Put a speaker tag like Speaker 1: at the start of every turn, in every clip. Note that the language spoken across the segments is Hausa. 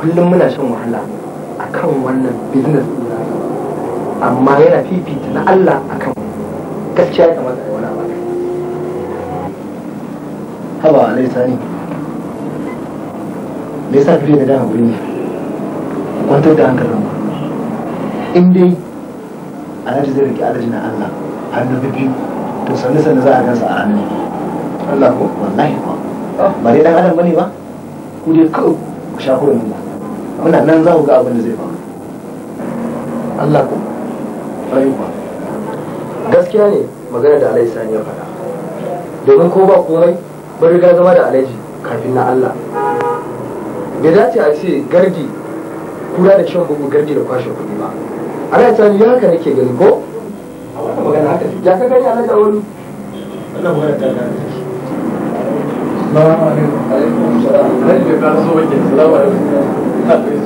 Speaker 1: kullum muna shan wahala a kan wannan business ɗin amma yana fifita na Allah a kan gaskiya ya kamata wani abu haba alai sani me yasa kake da dama wuri ne kwantar da hankalin in dai alhaji zai rike alhaji na Allah hannu bibi to sannu sannu za a gansa a hannu Allah ko wallahi ba ah. ba dai dan adam bane ba ku dai kawai ku sha kuɗin ku muna nan za ku ga abin da zai faru Allah ku rayuwa gaskiya ne magana da Alhaji Sani ya faɗa domin ko ba komai ba riga zama da alaji kafin na Allah bai dace a ce gardi kura da shan bugu gardi da kwashe kuɗi ba ana ta ya haka nake gani ko magana haka ya ka gani Alhaji wani. wannan magana ta gani Assalamu alaikum. Alaikum salam. Alaikum salam. Alaikum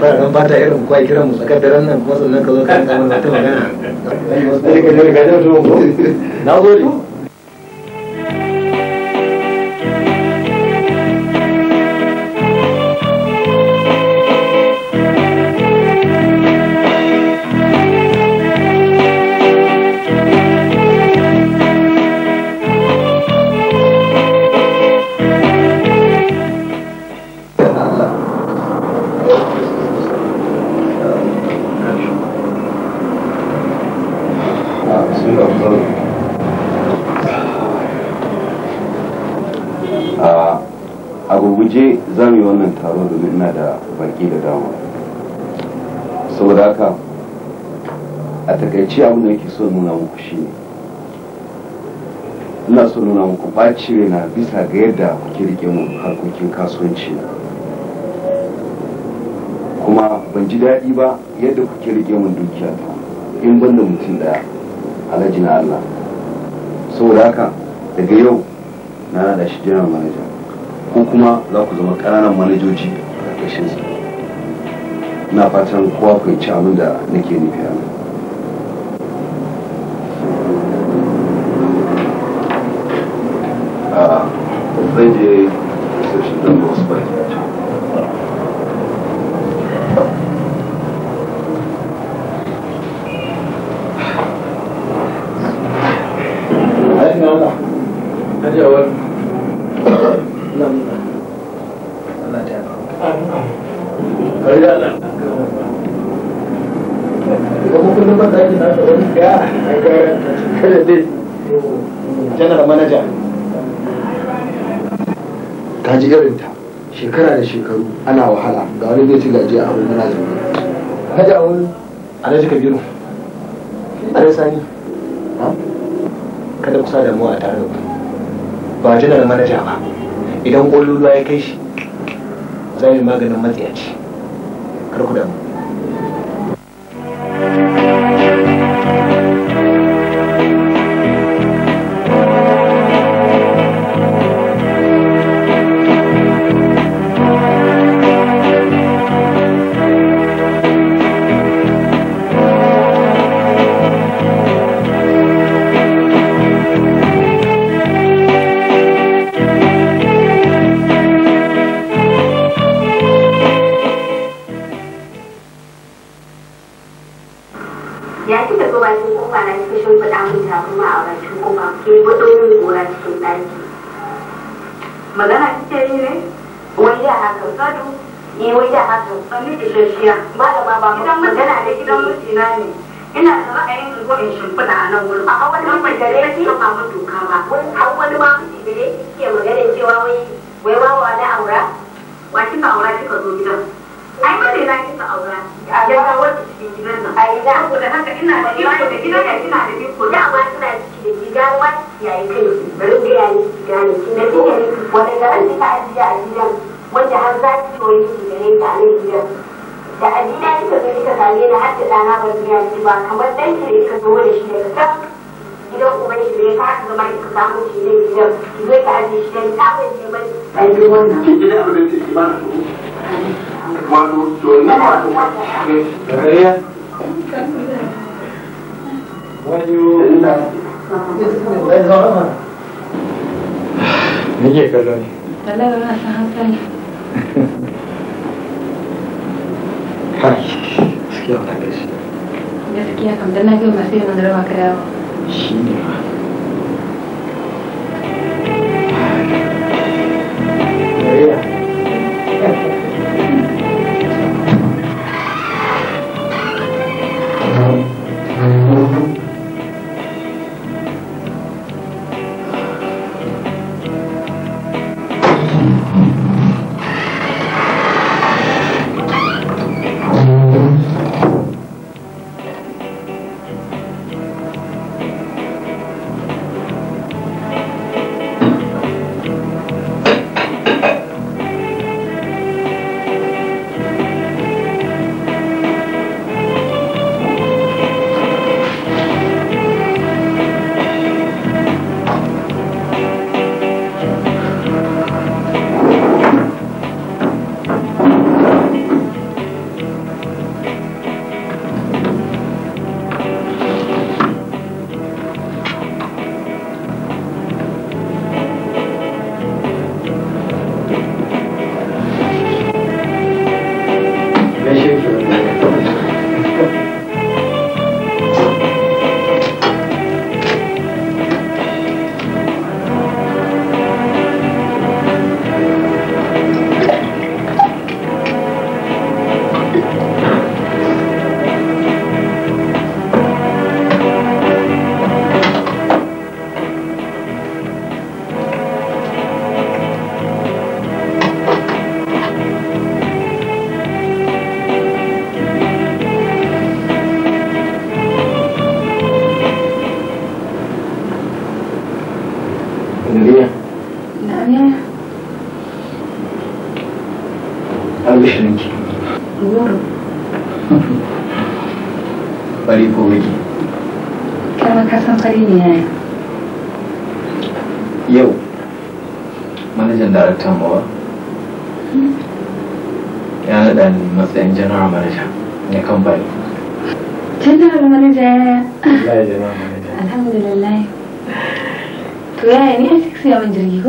Speaker 1: ba zan ba ta irin kwa kiran mu tsakar daren nan kuma sannan ka zo ka rinka mana ta magana na zo ne so nuna muku shi ne ina so nuna muku ɓaci na bisa ga yadda kuke rike mu harkokin kasuwanci kuma ban ji daɗi ba yadda kuke rike mu dukiya ta in ban da mutum ɗaya alhaji na Allah saboda haka daga yau na naɗa shi jiran manaja ko kuma za ku zama ƙananan manajoji a na fatan kowa ku ci abin da nake nufi a zai je ruwa ya kai shi za mu maganin matsiyaci zai gaskiya wata gashi.
Speaker 2: Gaskiya kam, na gaba sai na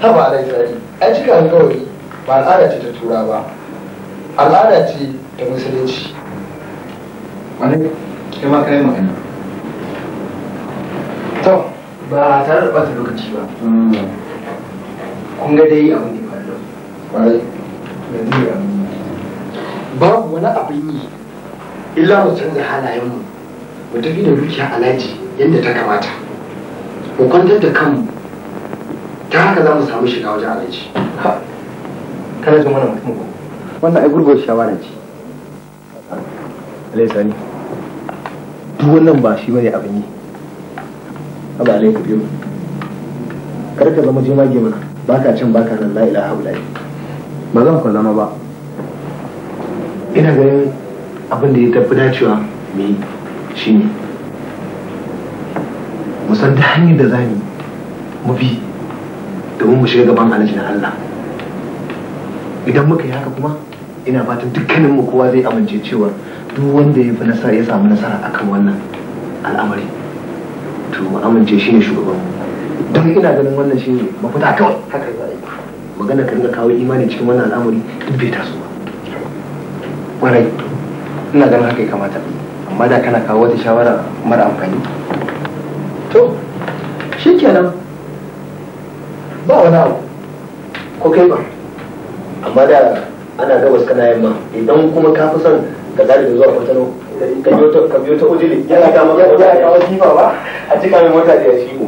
Speaker 1: haba da tsari a cika alkawari ba al'ada ce ta tura ba al'ada ce ta musulunci wani kima kai magana to ba tare da bata lokaci ba hmm. kun ga dai abin da faru kwarai babu wani abin yi illa mu canza halayenmu mu tafi da dukiya alaji yadda ta kamata mu kwantar da kanmu ta haka za mu samu shiga wajen abinci Ha, zama na mutum ko wannan ai gurgur shawara ce alai sani duk wannan ba shi bane abin yi Haba, alai ka biyo kar ka zama jemage mana ka can baka nan la ilaha illa ba zan ku zama ba ina ganin abin da ya tafi dacewa shi ne. mu san ta hanyar da za mu bi domin mu shiga gaban alaji na Allah idan muka yi haka kuma ina fatan dukkanin mu kowa zai amince cewa duk wanda ya fi nasara ya samu nasara akan wannan al'amari to mu amince shi ne shugaban don ina ganin wannan shi ne mafita kawai haka za a yi magana ka dinga kawo imani cikin wannan al'amari duk bai taso ba ƙwarai ina ganin haka ya kamata amma da kana kawo wata shawara mara amfani to shikenan ba wani abu ko kai ba amma da ana gabas kana yamma idan kuma ka fi son ka zaɗi da zuwa kwatano ka biyo ta ujili yana kama kama jifa ba a cika mai mota da ya shi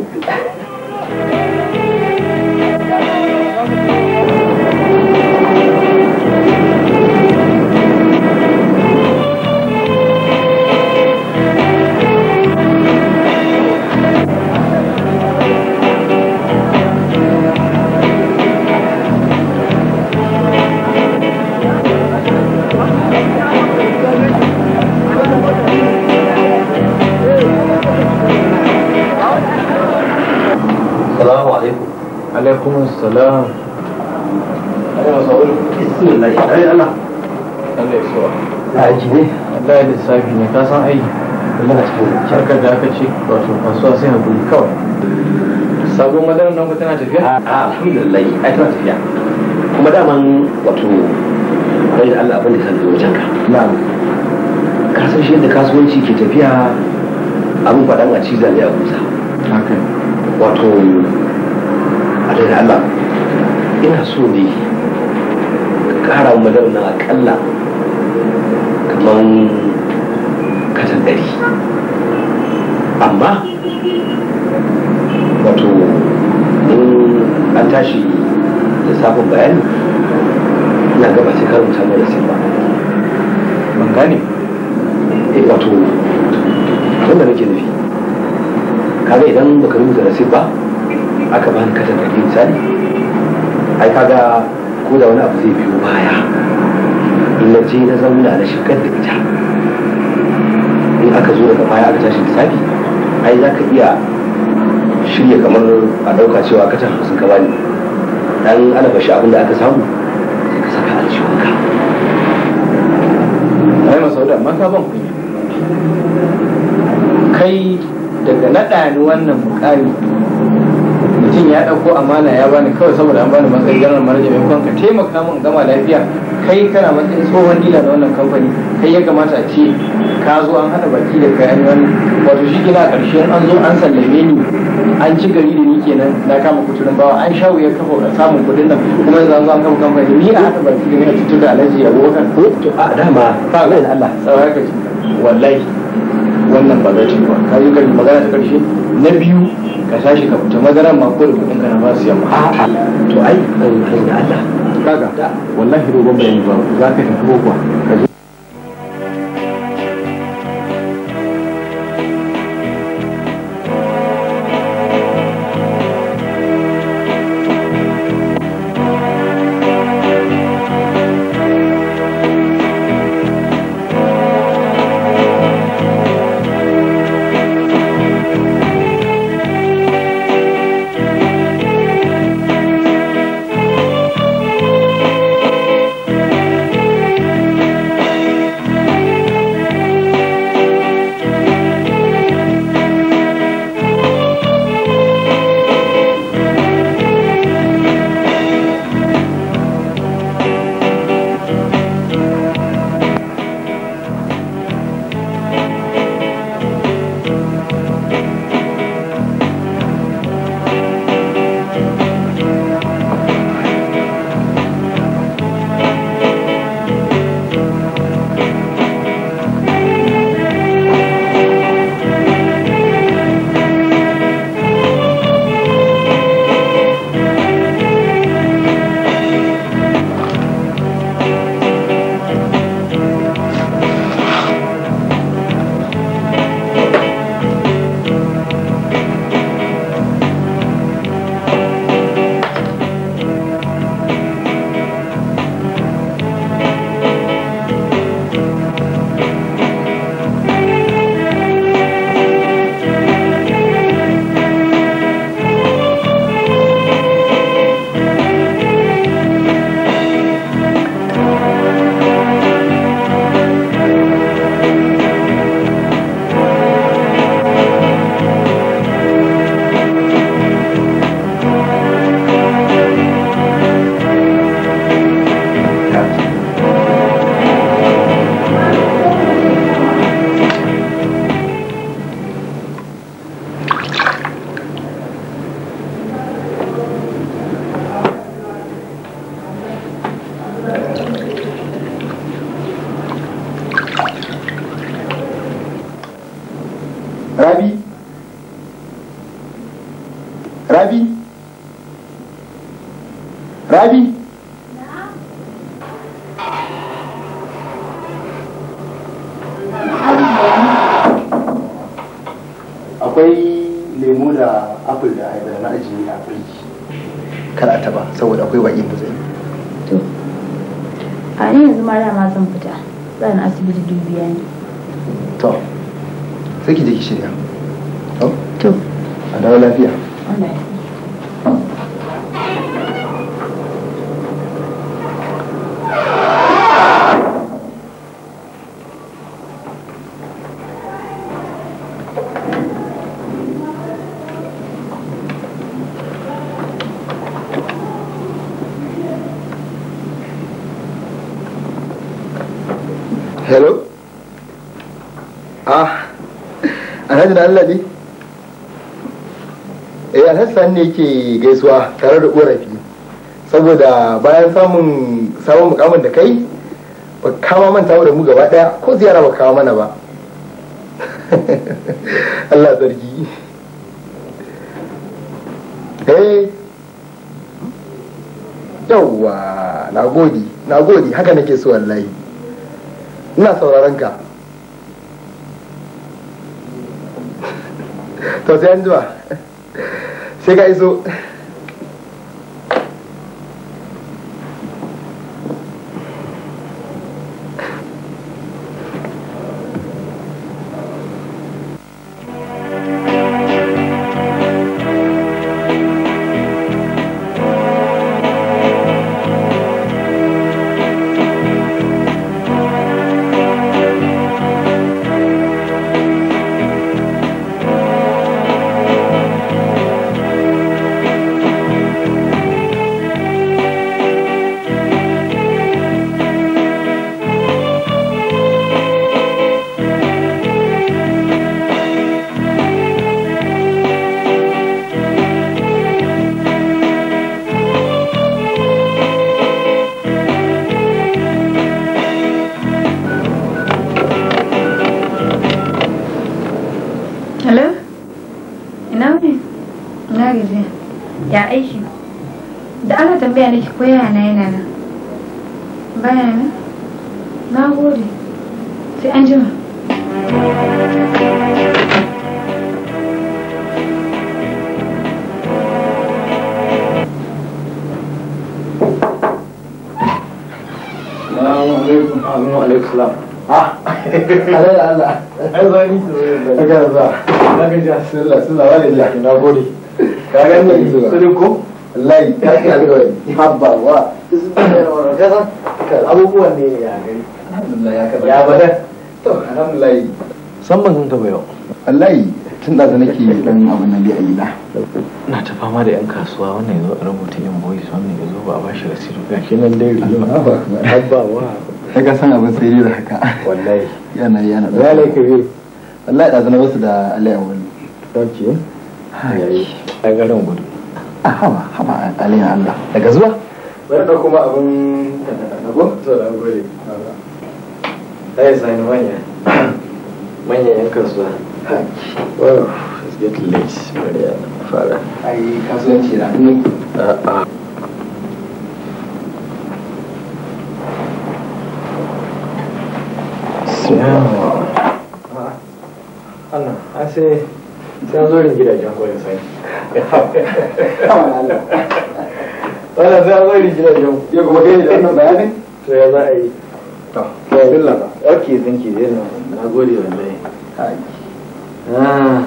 Speaker 1: assalamu alaikum alaikum assalam aiki ne Allah ya lissafi ne ka san aiki Allah a cikin harkar da aka ce wato kasuwa sai hakuri kawai sabon madarar nan tana tafiya A'a, alhamdulillah ai tana tafiya kuma daman wato bai da Allah abin da san zo wajen ka na'am ka san shi yadda kasuwanci ke tafiya abin faɗan a cizan ne a kusa haka wato a da Allah ina so ne kara madar na akalla kamar katan dari amma wato in an tashi da safin bayani ina gaba ta karanta da sai ba ban gane eh wato abinda nake nufi kaga idan baka rubuta nasib ba aka bani katan da ke misali ai kaga ko da wani abu zai biyo baya in na je na zauna na shigar da ita in aka zo daga baya aka tashi da lissafi ai za ka iya shirya kamar a ɗauka cewa tafi hamsin ka bani dan ana bashi abin da aka samu sai ka saka aljiwanka ai masauda amma ka ban kunya kai daga naɗa wannan mukami mutum ya ɗauko amana ya bani kawai saboda an bani matsayin ganar manajan mai Kuma ka taimaka min gama lafiya kai kana matsayin tsohon dila na wannan kamfani kai ya kamata a ce ka zo an haɗa baki da kai an wato shi gina ƙarshen an zo an sallame ni an ci gari da ni kenan na kama kuturin bawa an sha wuyar kafa samun kuɗin nan kuma yanzu an zo an kama kamfani ni a haɗa baki da ni a cutar da alhaji abubakar ko a dama ba Allah wallahi wannan ba za ta yi ba ka yi karin magana ta karshe na biyu ka tashi ka fita madara ma ko da kudin ka na ba su yamma a'a to ai kai da Allah kaga wallahi rogon bai ba za ka tafi ko ka inda yake gaisuwa tare da korafi saboda bayan samun sabon mukamin da kai ba kama manta da mu gaba daya ko ziyara ba kama mana ba Allah sarki eh yawwa na gode na gode haka nake so wallahi ina sauraron ka to sai an zuwa Chega aí, Zu. su zawa da na gode ka ga ne ko wallahi ka ga ne habba wa abubuwan ne ya gari alhamdulillah ya kaba ya bada to alhamdulillah san ban san ta wallahi tun da nake dan abin nan dai a gida na ta fama da yan kasuwa wannan yazo a rubuta yan boys wannan yazo ba a bashi rasidu ga shi nan dai rijo habba wa kaga san abin sai da haka wallahi yana yana zalai kabe wallahi da wasu da Allah ya dauke yayi ai garin gudu a hama hama alin Allah daga zuwa bari da kuma abin dago to da gode ai sai ni manya manya yan kasuwa wow it's getting late bari ya fara ai kasuwanci da ni a'a
Speaker 3: Yeah.
Speaker 1: Anna, I say don zurin gidajen koyon sanyi wala yani. an zurin gidajen ya kuma gani da wannan bayanin to ya za a yi to bismillah okay thank you yana na gode wallahi ah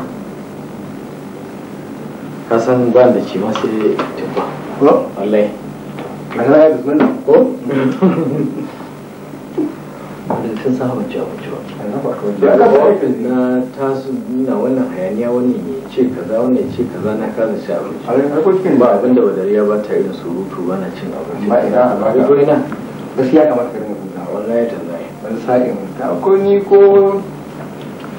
Speaker 1: ka san ban da ci ma sai tuba wallahi Allah ya ko sun sa abinci abinci ba da aka ofis na tasu nuna wannan hayaniya wani ya ce kaza wani ya ce kaza na kasa ci abinci a harkokin ba abinda wadariya ba ta irin surutu ba na cin abinci ba ina ba da ko ina gaskiya kamar ka rinka kuka wallahi tallahi wani sa'in ta ko ni ko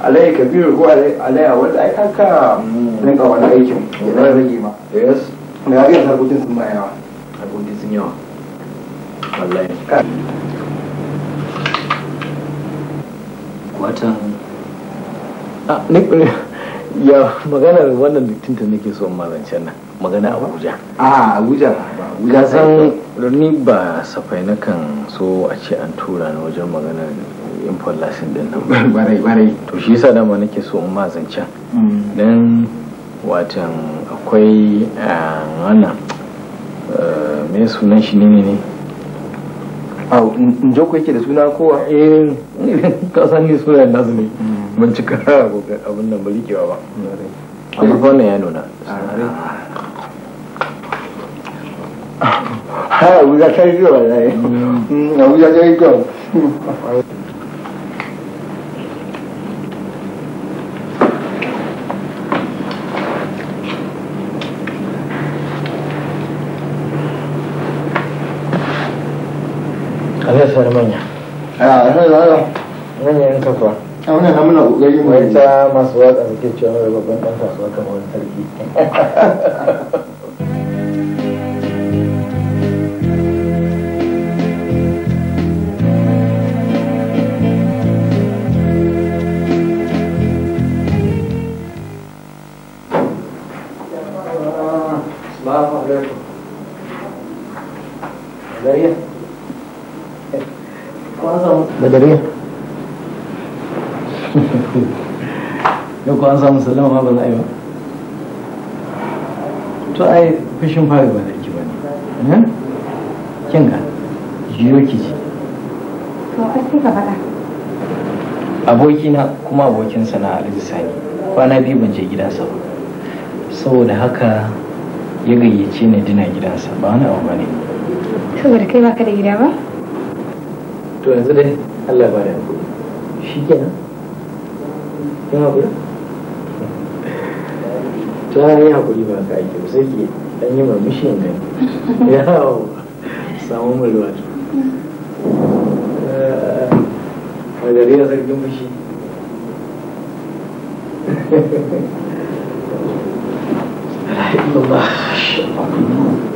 Speaker 1: alayhi kabiru ko alayhi wanda ai kaka rinka wani aikin ya rage ma yes da ya ga harkokin sun ma yawa harkokin sun yawa wallahi matan ah, eh, ya maganar wannan ta nake so mazancen nan magana abuja a abuja ga ah, san ni ba safai na kan so a ce an tura na wajen maganar information din nan barai barai to shi yasa dama nake so in mazancen mm. dan watan akwai ah, wannan eh, me sunan shi ne ne a njoko yake da suna ko eh, ka ni nasu ne mm. ban cika abin nan ba rikewa ba amma wannan ya nuna ha Allah manyan kafa a wannan hamuna kokari mu wai ta masu watsa suke cewa mai babban dan kasuwa kamar wani sarki
Speaker 3: Assalamu alaikum.
Speaker 1: Zariya. badariya yau ko an samu sallama ba za a yi ba to ai fushin fari ba da ki ba ne kin ga jiyo ki ji
Speaker 4: to ai sai ka faɗa
Speaker 1: abokina kuma abokin sana'a alhaji sani kwana biyu ban je gidansa ba saboda haka ya gayyace ni dina gidansa ba wani abu ba ne
Speaker 2: saboda kai ba ka da gida ba
Speaker 1: to yanzu dai Allah ba da hakuri shi kenan kin hakuri ta yi hakuri ba ka aiki ba sai dan yi gani samu mulwa eh, a gari a zargin
Speaker 3: Allah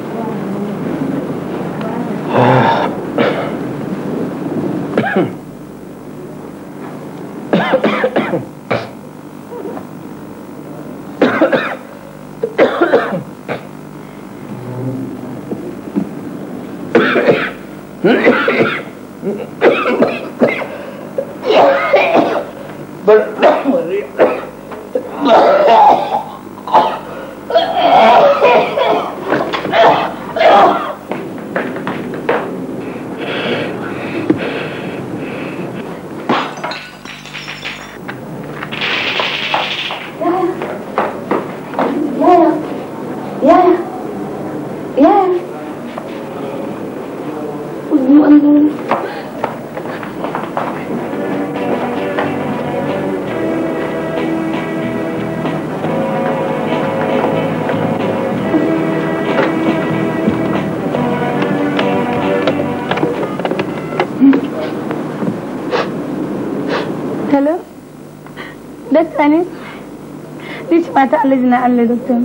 Speaker 4: fata Allah na Allah doktor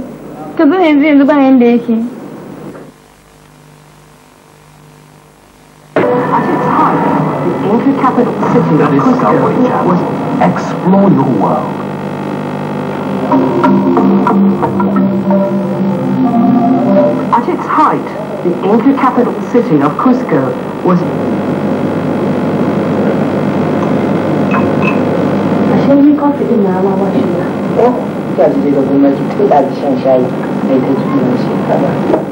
Speaker 4: ka zo yanzu yanzu ba yanda yake
Speaker 1: Explore your world.
Speaker 2: At its height, the Inca capital city of Cusco was I yi kofi din na ma da gwamnati ko da shan shayi mai ta kiwon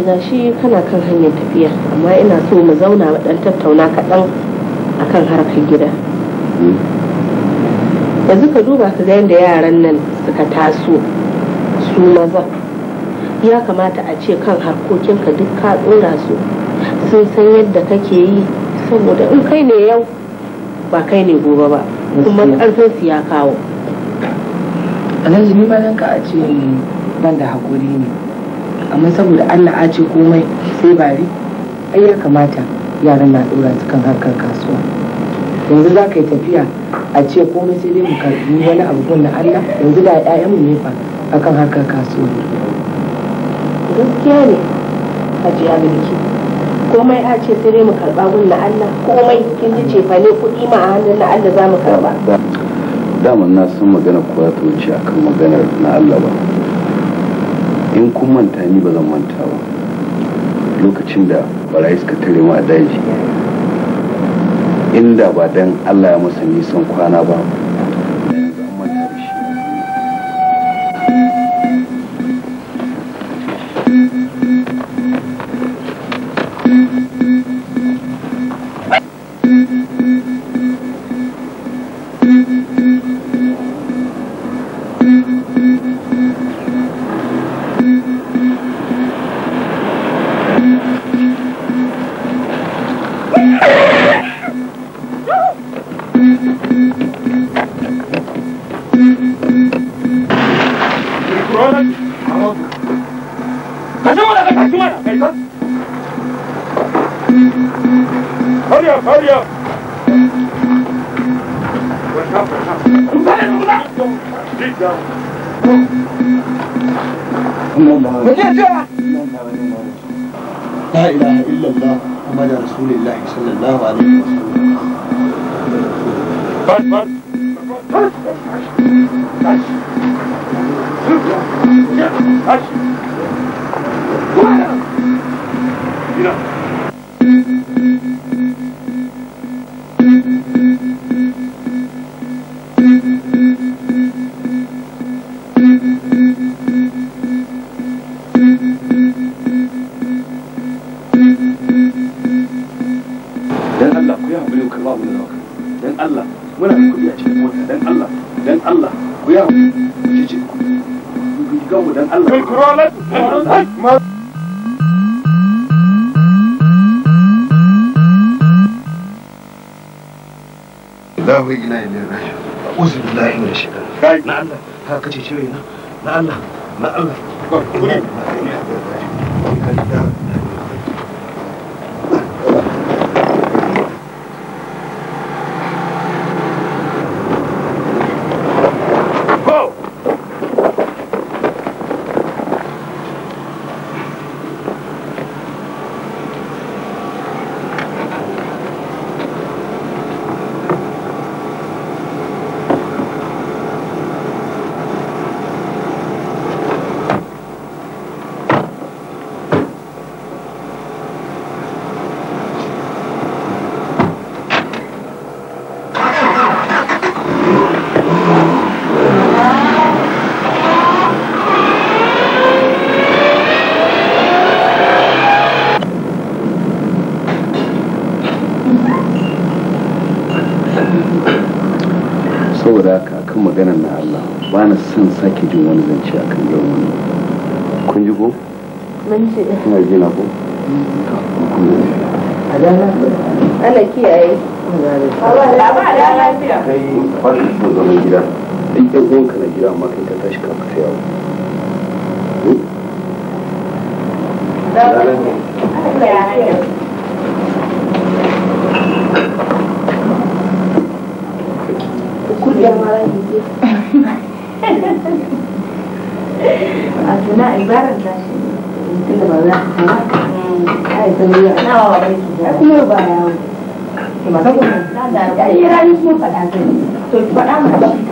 Speaker 4: ce za shi kana kan hanyar tafiya amma ina so mu zauna mu dan tattauna kaɗan akan harkar gida yanzu ka duba ka ga yadda yaran nan suka taso su maza ya kamata a ce kan harkokinka duk ka tsora su sun san yadda kake yi saboda in kai ne yau ba kai ne gobe ba kuma
Speaker 2: su ya kawo alhaji ma nan ka a ce ban da haƙuri ne amma saboda allah a ce komai sai bari ai ya kamata yaran na dora su kan harkar kasuwa yanzu za ka yi tafiya a ce komai sai dai mu karbi wani abu na allah yanzu da 'ya'yanmu ne fa kan harkar kasuwa gaskiya ne a mulki komai a ce sai
Speaker 4: dai mu karba gun na Allah komai kin ji fa ne kuɗi ma a hannun na Allah za mu karba
Speaker 1: daman na san magana kuwa ta wuce akan maganar na Allah ba in kun manta ni ba zan manta ba lokacin da barayi suka tare mu a daji inda ba dan Allah ya masa nisan kwana ba ba na son sake jin wani zance a kan irin wannan kun ji ko?
Speaker 4: mun ji ina ji a ko? ana kiyaye
Speaker 1: kai kwanci su zaman gida duk yan uwanka na gida amma kai ka tashi ka fita
Speaker 5: yawo Thank you. kuɗi ma a tuna ibarar ta ba za ka kuma ya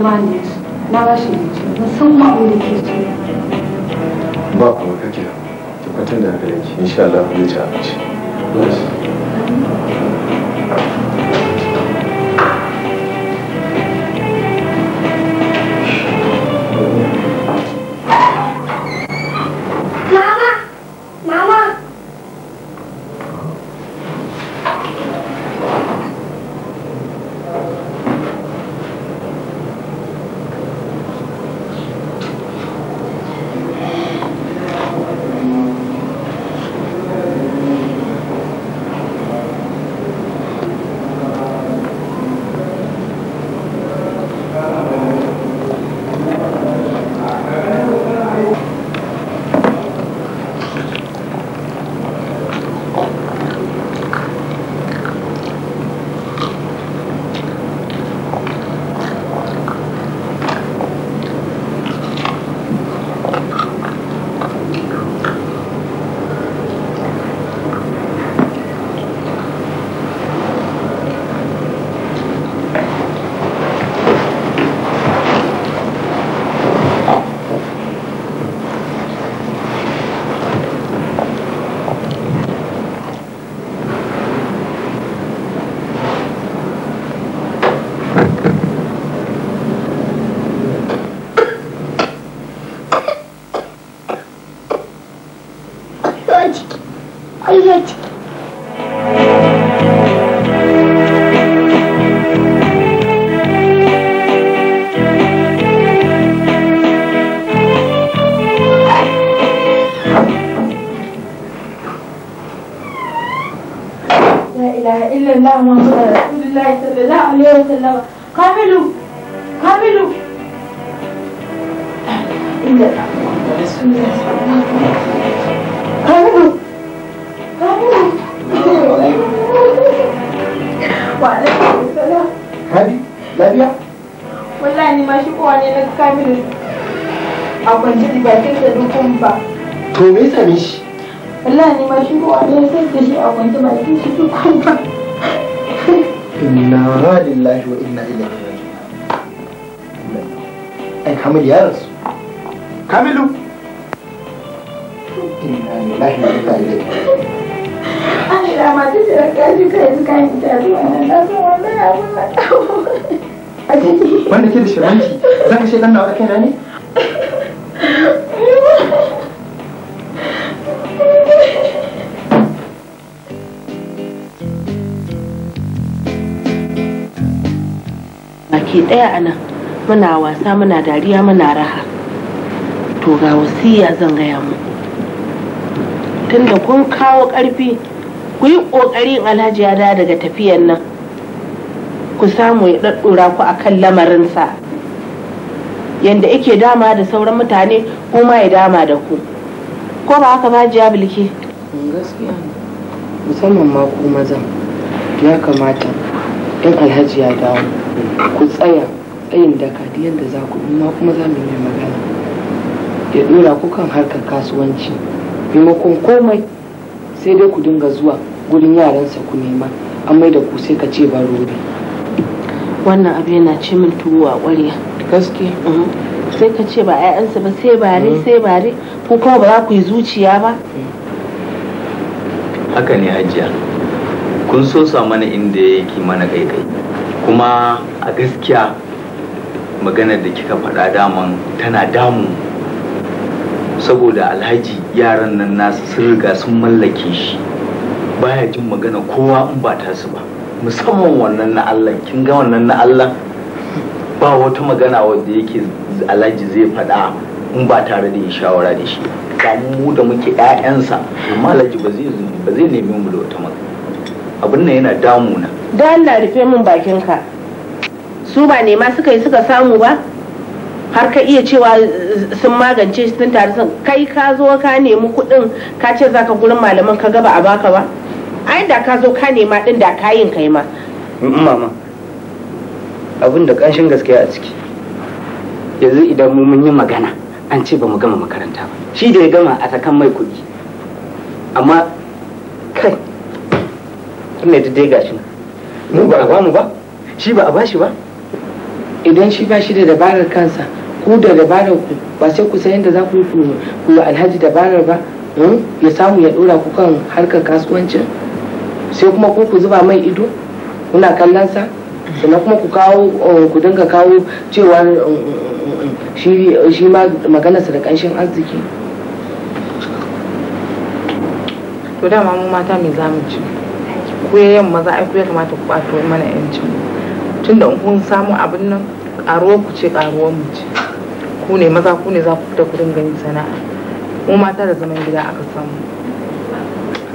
Speaker 2: желание
Speaker 4: الله محمد رسول الله صلى الله عليه وسلم كاملوا
Speaker 5: وعليكم السلام هذه والله ne na kamilu a kwance da dukun ba
Speaker 1: to me yasa ne shi
Speaker 5: wallahi ni ma shigowa ne sai
Speaker 1: da shi inna lillahi wa inna ilaihi ai ya rasu kamilu inna lillahi wa inna ilaihi da shirin ki, zan na zo ne
Speaker 4: ke ɗaya a nan muna wasa muna dariya muna raha to ga wasiya zan gaya mu. tunda kun kawo ƙarfi ku yi ƙoƙarin alhaji ya daga tafiyan nan ku samu ya ɗaɗɗura ku a kan lamarinsa yadda yake dama da sauran mutane kuma
Speaker 2: ya dama da ku
Speaker 4: ko ba haka ba jiya bilki gaskiya
Speaker 2: musamman ma ku mazan ya kamata in alhaji ya dawo ku tsaya tsayin daka duk yadda za ku ma kuma za mu yi magana ya dora ku kan harkar kasuwanci maimakon komai sai dai ku dinga zuwa gurin yaransa ku nema an mai da ku sai ka ce baro ne wannan abu
Speaker 4: yana ce min tuwo a ƙwarya gaske mm-hmm. sai ka ce ba 'ya'yansa ba sai bare mm-hmm. sai bare ko kuma ba za ku yi zuciya ba
Speaker 1: haka ne hajiya kun so sa mana inda yake mana kai-kai. kuma a gaskiya maganar da kika faɗa daman tana damu saboda alhaji yaran nan nasu sun riga sun mallake shi baya jin magana kowa in ba ta su ba musamman wannan na Allah kin ga wannan na Allah ba wata magana wadda yake alhaji zai faɗa in ba tare da yin shawara da shi ba mu da muke ƴaƴansa amma alhaji ba zai nemi mu da wata magana abin nan yana damu na.
Speaker 4: da Allah rufe min bakinka su ba nema suka yi suka samu ba har ka iya cewa sun magance sun tare sun kai ka zo ka nemi kuɗin ka ce za ka gurin malaman ka gaba a baka ba ai da ka zo ka nema ɗin da kayin kai ma
Speaker 2: mm, mama abin da ƙanshin gaskiya a ciki yanzu idan mu mun yi magana an ce ba mu gama makaranta
Speaker 1: ba shi da ya gama a sakan mai kuɗi amma kai kuma da dai gashi nan mu ba a bamu ba shi ba a bashi ba
Speaker 2: idan shi ba shi da dabarar kansa ku da dabarar ku ba sai ku san yadda za ku yi ku yi alhaji dabarar ba hmm? ya samu ya dora ku kan harkar kasuwancin sai kuma ku ku zuba mai ido kuna kallon sa sannan kuma ku kawo um, ku dinga kawo cewa um, um, shi ma sa da kanshin arziki to dama mu mata me mu ci ku yayan maza ai kuya kamata ku kwato mana yancin tunda in kun samu abin nan karuwar ku ce karuwar mu ce ku ne maza ku ne za ku fita kudin dinga sana'a mu mata da zaman gida aka samu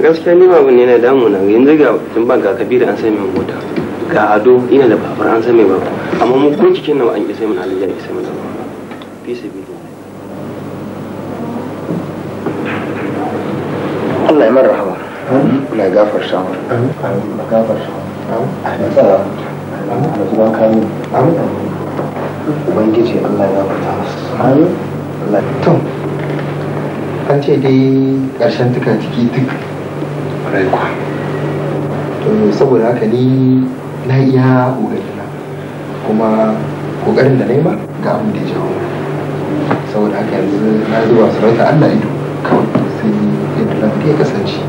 Speaker 1: gaskiya ni babu ne na damu na yanzu ga tun ban ga da an sai min mota ga ado ina da babar an sai min babu amma mu ko cikin nawa an isa sai min halayya ki sai min babu fi Allah ya mara rahama Allah ya gafarta mu Allah ya gafarta mu Allah ya tsara mu Allah ya zuban ubangiji Allah ya gafarta musu amin Allah ya an ce dai ƙarshen tuka ciki duk raikwa to saboda haka ni na iya na, kuma ƙoƙarin da na yi ba ga abin da ya jawo saboda haka yanzu na zuwa sarauta Allah ido kawai sai yadda na lafiya kasance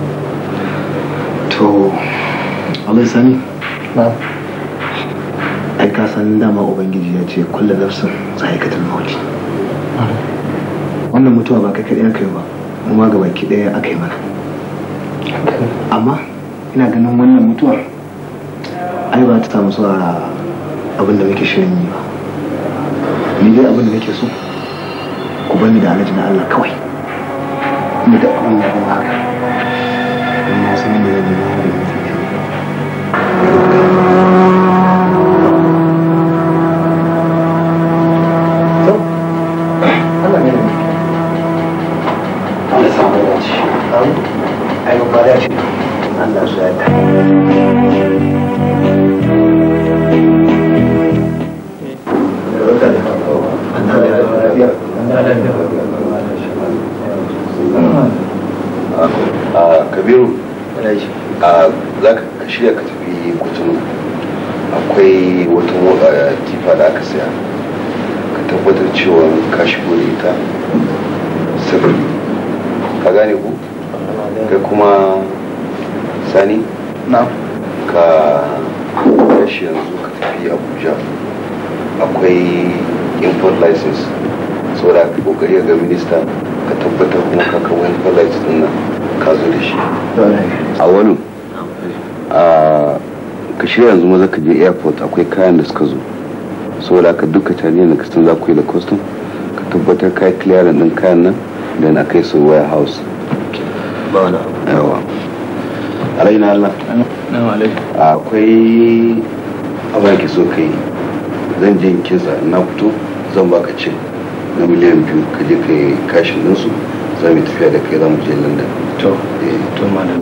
Speaker 1: to sani ai ka san dama ubangiji ya ce kulla nafsin zaikatul maut wannan mutuwa ba kai ɗaya aka yi ba kuma ga baki daya aka yi mana amma ina ganin wannan mutuwa ai ba ta samu zuwa abin da muke shirin yi ba ni dai abin da nake so ku bani da alaji na Allah kawai ni da abin da haka mutumin da ya ah, zo Kabiru a za ka shirya ka tafi kuturu akwai wata motsa eh, kifa da aka saya ka tabbatar cewa ka shigo da ita sirri ka gane ku kai kuma sani na ka tashi yanzu ka tafi abuja akwai import license saboda ka kokari ga minista ka tabbatar kuma ka kawai import license din nan ka zo da shi a wani ka shirya yanzu maza ka je airport akwai kayan da suka zo saboda aka duka tarihin da kasan za ku yi da custom ka tabbatar ka yi clearin din kayan nan da na kai su waya house yawa alayi na allah akwai abin ke so ka yi zan je in kinsa na fito zan baka cin na miliyan biyu ka je ka yi kashin ɗinsu za mu tafiya da kai za mu je london to eh. to malam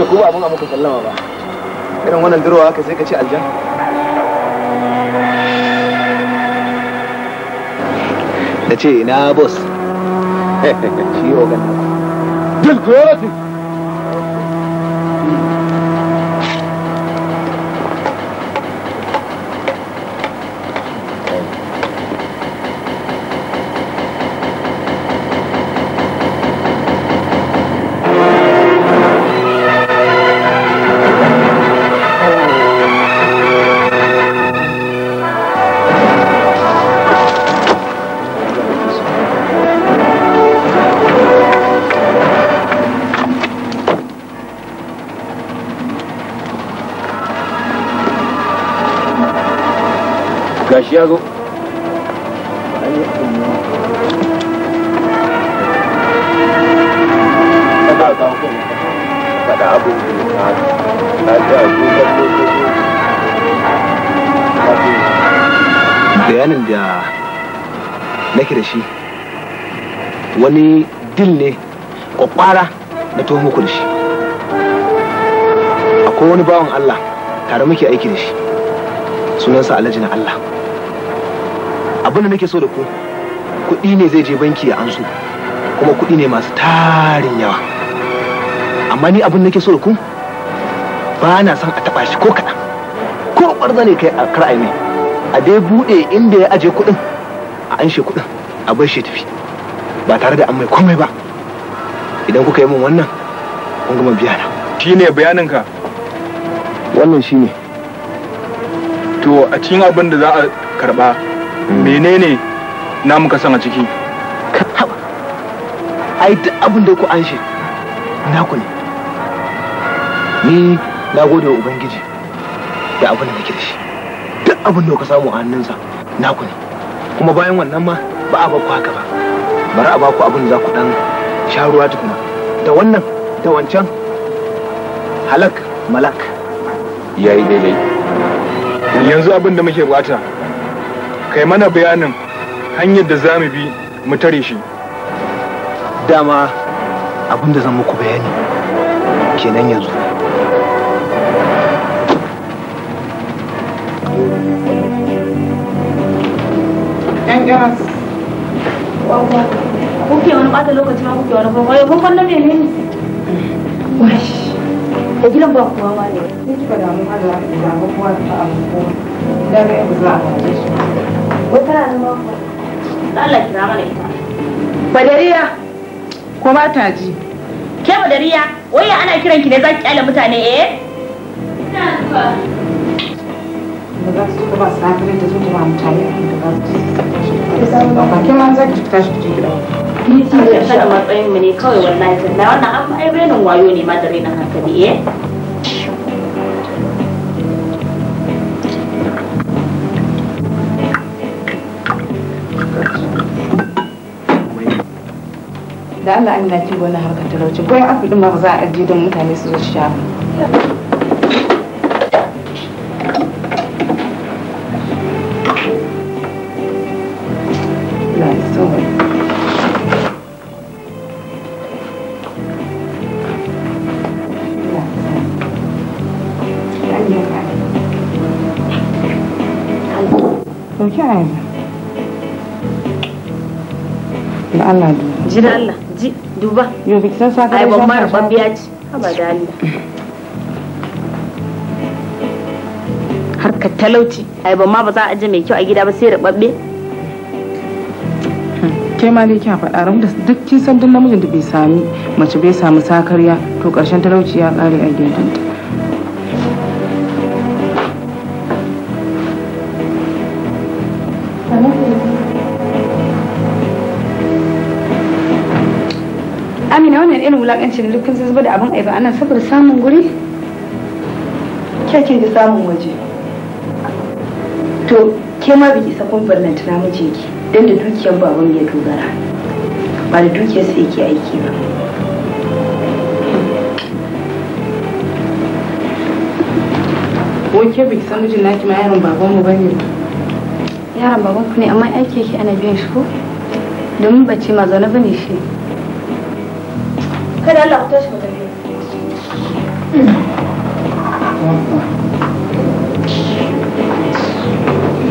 Speaker 1: ce ko ba mun abu ka sallama ba irin wannan durowa haka sai ka ce aljan da ce ina boss shi ogan nan dil priority Santiago. da na bayanin da nake da shi wani dil ne kwakwara na tuhon muku da shi akwai wani bawan Allah tare muke aiki da shi sunansa alhaji na Allah abinda nake so da ku kuɗi ne zai je banki ya ansu kuma kuɗi ne masu tarin yawa amma ni abin nake so da ku ba na son a taɓa shi ko kaɗan ko ƙwarza ne kai a kar'ai a dai buɗe inda ya aje kuɗin a anshe kuɗin a bar shi tafi ba tare da an mai komai ba idan kuka yi min wannan kun gama biya na shine bayaninka wannan shine to a cikin abin da za a karba menene na muka san a ciki ai duk abin da ku an shi naku ne ni na gode wa ubangiji da abin da nake da shi duk abin da ku samu a hannunsa naku ne kuma bayan wannan ma ba a baku haka ba bari a baku abin da za ku dan sha ruwa tukuna da wannan da wancan halak malak yayi daidai yanzu abin da muke bukata kai mana bayanin hanyar da za mu bi mu tare shi dama abin da zan muku bayani kenan yanzu
Speaker 5: yan garas kuke wani ɓata lokaci ma kuke wani kwakwai kun kwallon ne ne da gidan ba kowa ma ne kuke ba damu ma da damu kowa ta abubuwa da ga za a ko ba ta ji ke badariya waya ana kiran ki ne za mutane eh ina zuwa Ina za su ba su hakimin da zuwa ba mutane a inda ba su
Speaker 2: ke ma za ki tashi ki gida
Speaker 5: ni matsayin mu ne kawai wallahi na wannan an fa ai renin wayo ne ma da renin hankali eh
Speaker 4: da Allah an lati wani harkar talauci ko ya din ma za a ji don mutane su zo su sha
Speaker 5: Okay. Allah. Jira Allah. duba yo bi san sa ai ban ma rababbiya ce haba da Allah harkar talauci ai ban ma ba za a aje mai kyau a gida ba sai rababbe
Speaker 2: hmm. ke ma dai kya faɗa ramu da duk kin san duk namijin da bai sami mace bai samu sakarya to ƙarshen talauci ya ƙare a gidanta
Speaker 5: irin wulakancin duk kun zuba da abin aiba ana saboda samun guri kyakin da samun waje to ke ma bi isa biki sakon tuna mijinki don da dukiyar baban ya dogara ba da dukiyar sa yake aiki ba
Speaker 4: ko ke bi san mijin naki ma yaron baban mu bane yaron baban ku ne amma aiki yake ana biyan shi ko domin bace ma zaune bane shi
Speaker 5: kada Allah ku tashi mu tafi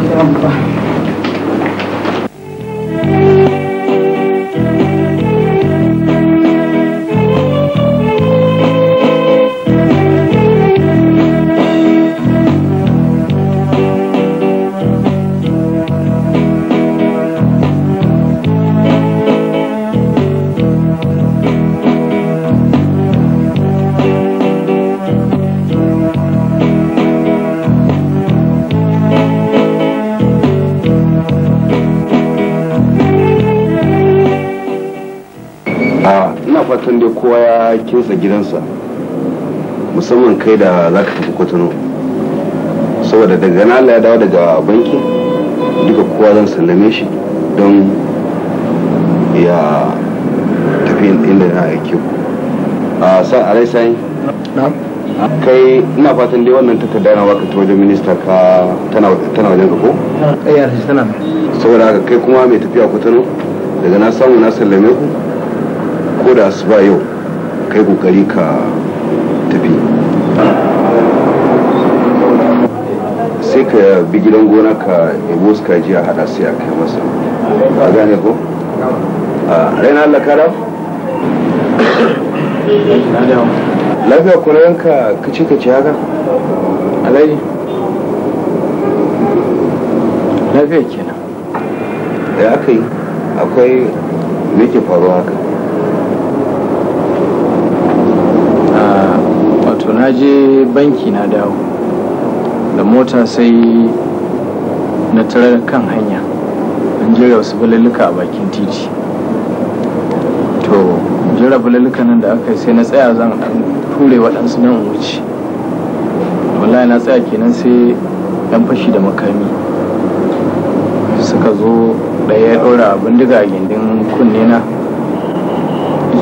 Speaker 5: Thank you.
Speaker 1: kinsa gidansa musamman kai da za ka tafi kwatano saboda daga na ya dawo daga banki duka kowa zan sallame shi don ya tafi inda na aiki ku a san a sai kai ina fatan dai wannan takarda na baka ta wajen minista ka tana wajen gabo? ko? Eh, shi tana saboda haka kai kuma mai tafiya kwatano daga na samu na sallame ku ko da asuba yau kai kokari ka tafi sai ka bi gidan gona ka ebo suka kaji a hada sai a kai masa ba gane ko a raina allah ka dawo lafiya kuna yanka kace kace haka alaji lafiya kenan da aka yi akwai me ke faruwa haka na je banki na dawo da mota sai na tarar kan hanya an jera wasu balalluka a bakin titi to jera balalluka nan da aka yi sai na tsaya zan dan ture waɗansu nan wuce wallahi na tsaya kenan sai yan fashi da makami suka zo ɗaya ya ɗora bindiga a gindin kunne na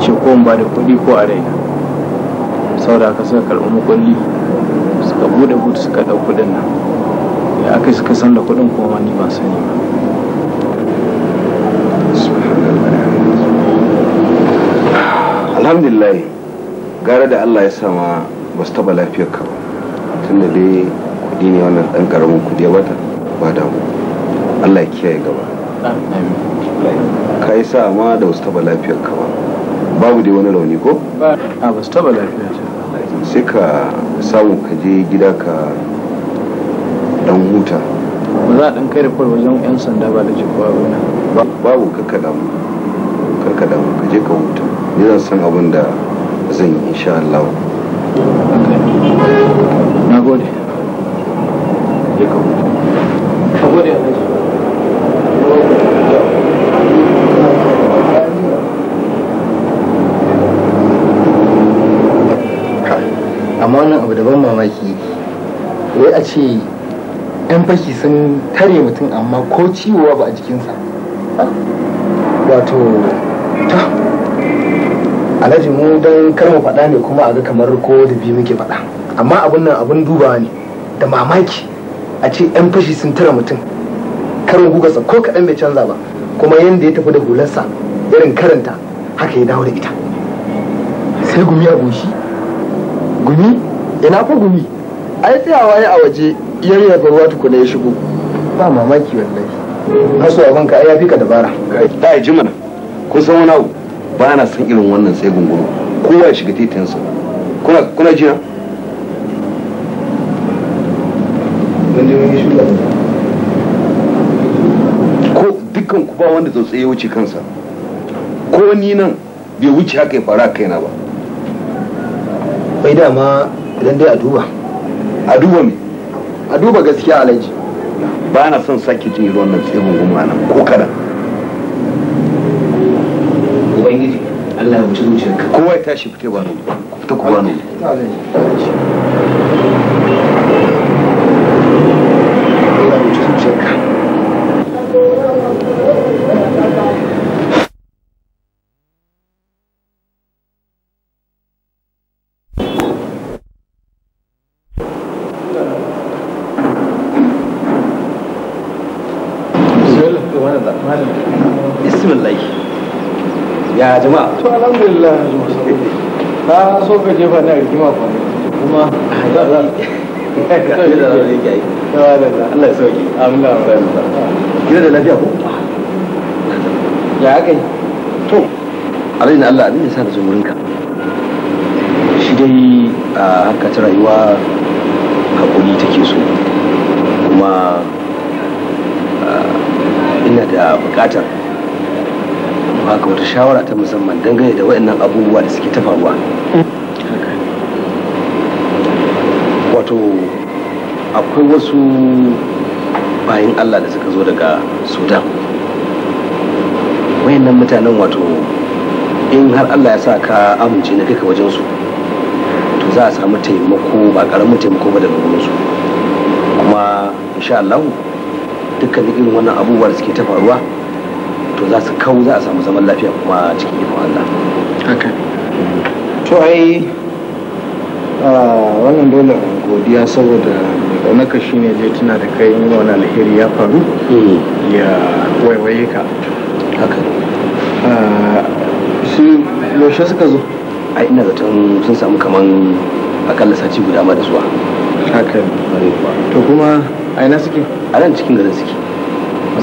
Speaker 1: ce ko ba da kuɗi ko a raina saboda haka suka karɓi makwalli suka bude but suka ɗau kudin nan ya aka suka san da kudin kuma wani ba sani ba alhamdulillah gara da allah ya sama ba su taba lafiyar ka tun da dai kudi ne wannan ɗan ƙaramin kudi ya bata ba damu allah ya kiyaye gaba ka yi sa ma da wasu taba lafiyar ka ba babu dai wani rauni ko? ba ba su taba lafiyar sai ka samu ka je gida ka dan huta ba za a dan kai rikon wajen yan sanda ba da jikuwa ba babu kakada mu karkada mu ka je ka huta ni zan san abin da zan yi insha Allah na gode je ka
Speaker 2: huta
Speaker 1: da ban mamaki wai a ce yan fashi sun tare mutum amma ko ciwo ba a jikinsa wato ta alhaji mu don kar faɗa ne kuma a ga kamar ko da biyu muke faɗa amma abun nan abun dubawa ne da mamaki a ce yan fashi sun tare mutum karin gugarsa ko kaɗan bai canza ba kuma yadda ya tafi da hularsa irin karanta haka ya dawo da ita sai gumi a goshi gumi ina fa gumi ai tsayawa ya a waje ya yayyafa ruwa tukuna ya shigo ba mamaki wallahi kaso abin ka ya fi ka dabara ta yi jimana kun san wani abu ba na san irin wannan sai gunguru kowa ya shiga titinsa kuna kuna jina ko dukkan ku ba wanda ya wuce kansa ko ni nan bai wuce haka ya fara kaina ba bai dama idan dai a duba a duba me a duba gaskiya alhaji ba na son sake jin ruwan wannan tsibin goma nan ko karan ubangiji Allah ya wuce zuciyarka kowa ya tashi fita ba ku fita ku ba to alhamdulillah na so ka na rigima ba kuma Allah ya sauki amina wa da lafiya ko ya kai to Allah abin da sa da ka shi dai a harkar ta rayuwa hakuri take so kuma ina da bukatar baka wata shawara ta musamman dangane da waɗannan abubuwa da suke ta faruwa wato akwai wasu bayan allah da suka zo daga sudan wayannan mutanen wato in har allah ya sa ka amince na wajen wajensu to za a samu taimako ba karamin taimako ba daga wurinsu kuma insha allahu dukkanin irin wannan abubuwa da suke ta faruwa to za su kawo za a samu zaman lafiya kuma cikin ikon Allah haka to ai wannan dole godiya saboda kaunaka shi ne zai tuna da kai wani alheri ya faru hmm. ya waiwaye ka haka Shi yaushe suka zo a ina zaton sun samu kaman akalla sati guda ma da zuwa haka to kuma a ina suke a nan cikin garin suke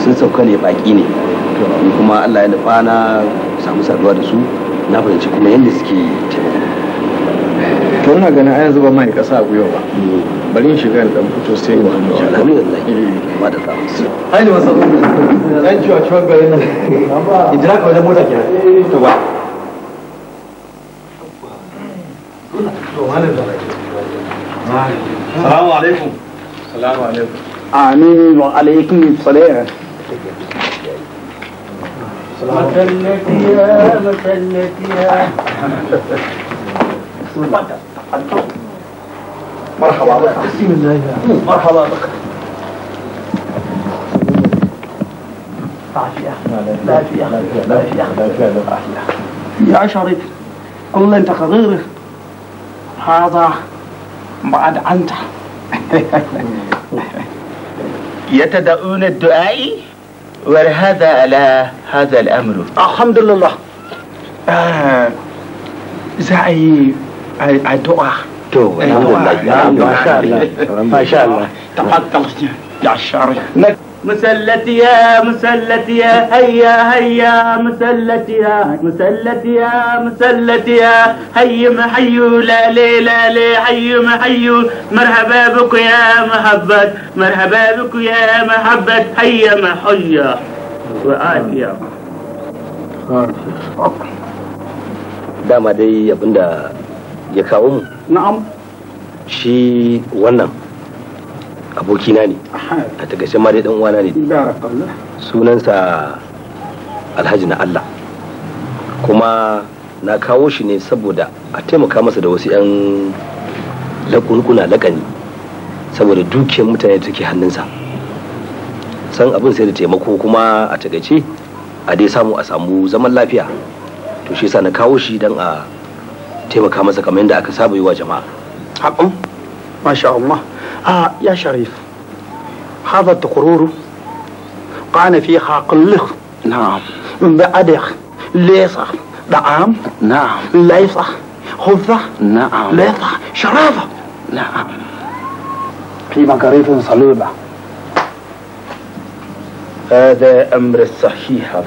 Speaker 1: sun sauka ne baki ne kuma Allah ya nufa na samu saduwa da su na fahimci kuma yadda suke to ina ganin a yanzu mai kasa gwiwa ba bari in shiga fito sai mu alhamdulillah eh. ba da samu ai da wasu ran ciwa ciwa garin nan idan ka wajen mota kenan to ba Salamu alaikum. Salamu alaikum. Amin wa alaikum salam. وكلتها وكلتها مرحبا بك بسم الله مرحبا بك عافية عافية عافية في عشرة كل تقرير هذا بعد أنت يتدعون الدعاء ولهذا على هذا الامر الحمد لله زعي آه، الدعاء دعاء ما شاء الله تفضل يا شارع مسلتيا مسلتيا هيا هيا مسلتيا مسلتيا مسلتيا هيا محيو لا لي لا لي حي محيو مرحبا بك يا محبة مرحبا بك يا محبة هيا محيا وآتيا dama dai abinda ya kawo mu نعم shi wannan abokina ne a ta ma dai dan uwana ne sunansa alhaji na Allah kuma na kawo shi ne saboda a taimaka masa da wasu 'yan lakunkuna lakani saboda dukiyar mutane da take hannunsa san abin sai da taimako kuma a takaice a dai samu a samu zaman lafiya to shi sa na kawo shi don a taimaka masa kamar yadda aka saba yi wa jama'a haƙon masha Allah آه يا شريف هذا تقرور قان فيها قلخ نعم بأدخ ليسخ دعام نعم ليسخ خذة نعم ليسخ شرافة نعم في مقاريف صليبة هذا أمر صحيح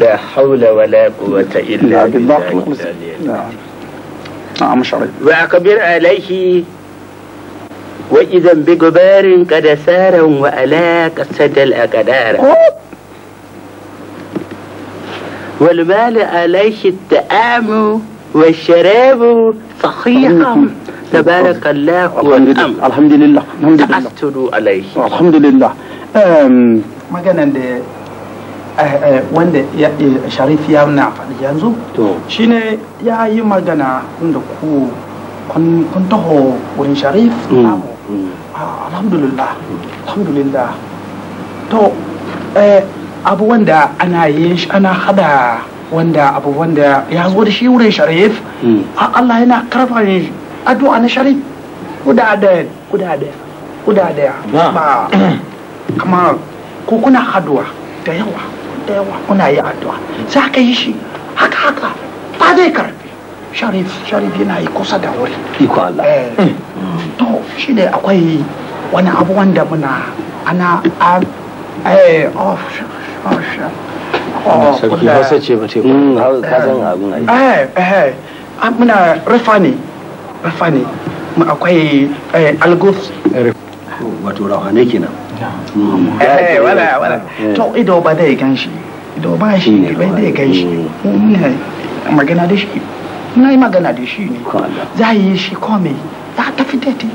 Speaker 1: لا حول ولا قوة إلا بالله نعم نعم شريف وأكبر عليه وإذا بغبار قد سارا وألا قصد الأقدار والمال عليه الطعام والشراب صحيحا تبارك الله والأمر الحمد لله الحمد لله تأثر عليه الحمد لله ما كان wanda sharif ya na faɗi yanzu shine ya yi magana inda ku kun taho wurin sharif namu Mm. Ah, alhamdulillah alhamdulillah to eh, abu wanda ana yin shi ana hada wanda abu wanda ya zo da shi wurin sharif mm. ah, Allah yana karfa ne addu'a na sharif guda da guda da guda da ba kama ko kuna haduwa da yawa da yawa kuna yi addu'a za ka yi shi haka haka ba zai karfi sharif sharif yana yi kusa da wuri iko Allah eh. mm. to shi ne akwai wani abu wanda muna ana a eh oh oh,
Speaker 2: oh sarki hausa
Speaker 1: ce ba mm. ka san abin ai eh eh, eh. muna ne mu akwai eh, wato rahane kenan mm. eh wala wala to ido ba dai ganshi ido ba shi dai ganshi magana da shi na yi magana da shi ne za yi shi kome za tafi daidai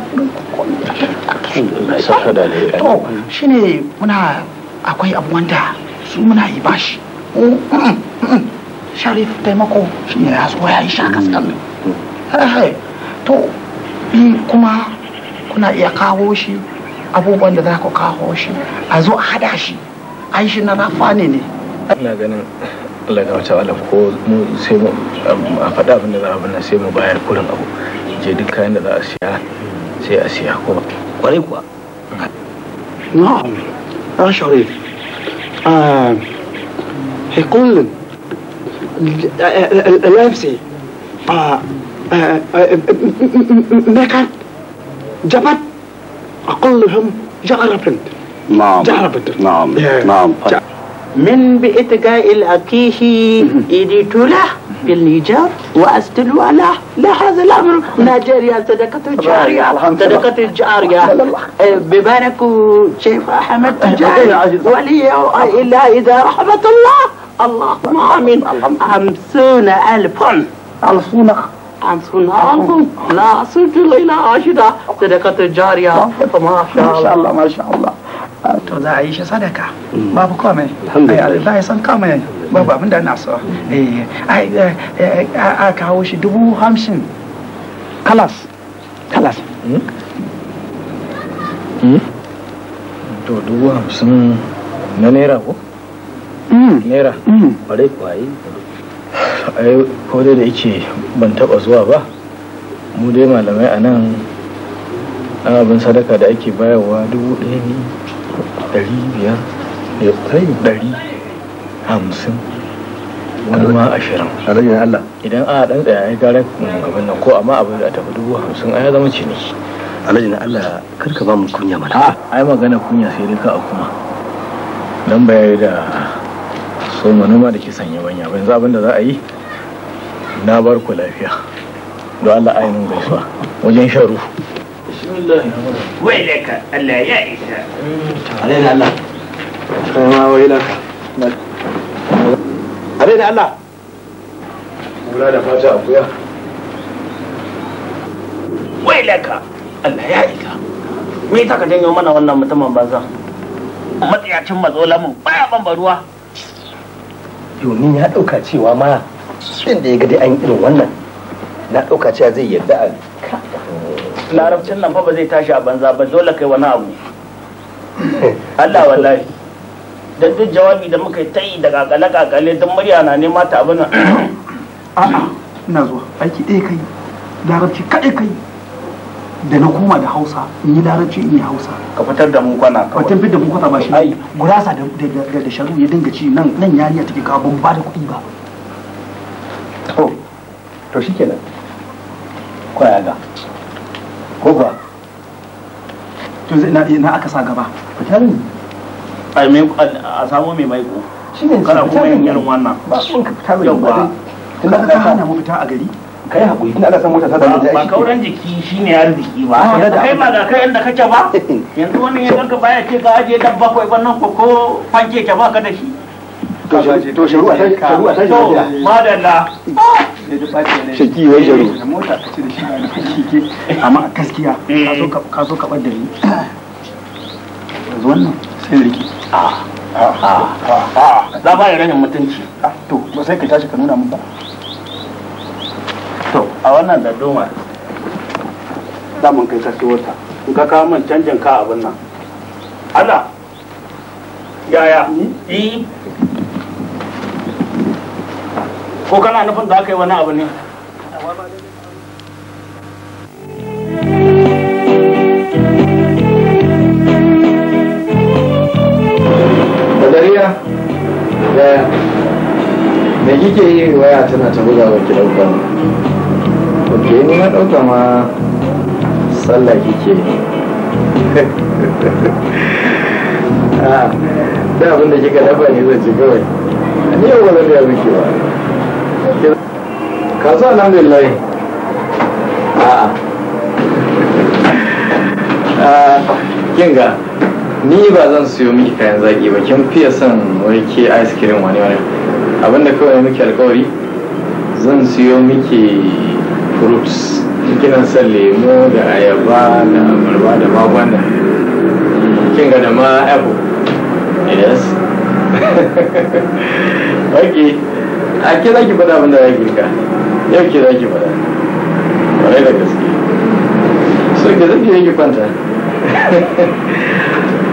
Speaker 1: tafi daidai to shi ne muna akwai abu wanda su muna yi bashi mm, mm, mm. sharif taimako shi ne ya zuwa ya yi sha kaskan eh, eh. to kuma kuna iya kawo shi abubuwan da za ku kawo shi a zo a hada shi an shi na rafa ne ne ina ganin Allah ga wata wala ko mu sai mu a faɗa abin da za a bana sai mu bayar kurin abu je duk kayan da za a siya sai a siya ko kwarai kuwa na'am ashari ah hikullin lafsi a mekan jabat a kullum نعم na'am na'am na'am من بإتقاء الأكيه إيديتولا بالنجار
Speaker 4: وأستلوا له لا هذا الأمر نيجيريا صدقة الجارية صدقة
Speaker 1: الجارية إيه، ببارك شيخ أحمد تجاري ولي إلا إذا رحمة الله اللهم آمين خمسون ألف ألفون خمسون ألف لا سجل إلى عشرة صدقة الجارية ما شاء الله ما شاء الله to za a yi shi sadaka mm. babu komai alhamdulillah ya san komai babu abin da na so eh, eh, eh, a kawo shi dubu hamsin kalas kalas hmm? Hmm? to dubu hamsin na naira ko hmm. naira kwarai kwaye ai ko dai da yake ban taba zuwa ba mu dai malamai a nan abin sadaka da ake bayarwa dubu ɗaya ne ɗari biyar ya kai ɗari hamsin wani ma ashirin alajin allah idan a ɗan tsaye ya gara gaban nan ko amma abin da tafi dubu hamsin a ya zama ciniki alajin allah kar ka ba mu kunya mana a ai magana kunya sai dai ka a kuma nan bayar da so manoma da ke sanya banya za abin da za a yi na bar ku lafiya don allah ainihin gaisuwa wajen sharu wailaka Allah ya isa alaina Allah kai ma wailaka Allah kula da fata akuya ka Allah ya isa me ta ka janyo mana wannan mutumin banza matsayacin matsolamin baya ban ruwa domin ya ɗauka cewa ma inda ya gadi an irin wannan na ɗauka cewa zai yarda a larabcin nan fa ba zai tashi a banza ba dole kai wani abu Allah wallahi dan duk jawabi da muka ta yi daga kakale kakale don murya na nema ta abin a'a ina zuwa aiki ɗaya kai larabci kaɗai kai da na koma da hausa in yi larabci in yi hausa ka fitar da mu kwana ka fitar da mu kwana ba shi ai gurasa da da da sharu ya dinga ci nan nan ya take kawo ban ba da kuɗi ba to to shikenan kwaya ga ko kuwa to na aka sa gaba fitar a samo mai maiko shi ne kana kuma yin irin wannan ba sun ka fitar da ba ka hana mu fita a gari kai hakuri tun ana san mota ta da jiki ba kauran jiki shine arziki ba kai ma ga kai inda kake ba yanzu ya baya ce ka aje dabba ko ko ko fanke ke baka da shi to sharu a tashi sharu a tashi madalla wai mota ka da shi aiki ke a gaskiya eh. ka so ka bar da ni yanzu wannan sai riki za ba ya ranin mutunci ah, to ba sai ka tashi ka nuna mun ba to a wannan da doma daman kai ka wata in ka kawo man canjin ka abin nan ana yaya eh ko kana nufin za ka yi wani abu ne Maryam yaya me kike yi waya tana ta buga ba ki dauka ba ke ni na dauka ma sallah kike ah, da abinda kika dafa ne zai ci kawai ni yau ba lafiya miki ba ka zo alhamdulillah a'a ah. ah, kin kinga ni ba zan siyo miki kayan zaki ba kin fiye son wai ke ice cream wani wani abinda kawai miki alkawari zan siyo miki fruits kina son lemu da ayaba da abarba da magwana kin ga da ma apple yes ok a ke za ki faɗa abin da ya girka yau ke za ki faɗa ƙwarai da gaske so ke zai yake kwanta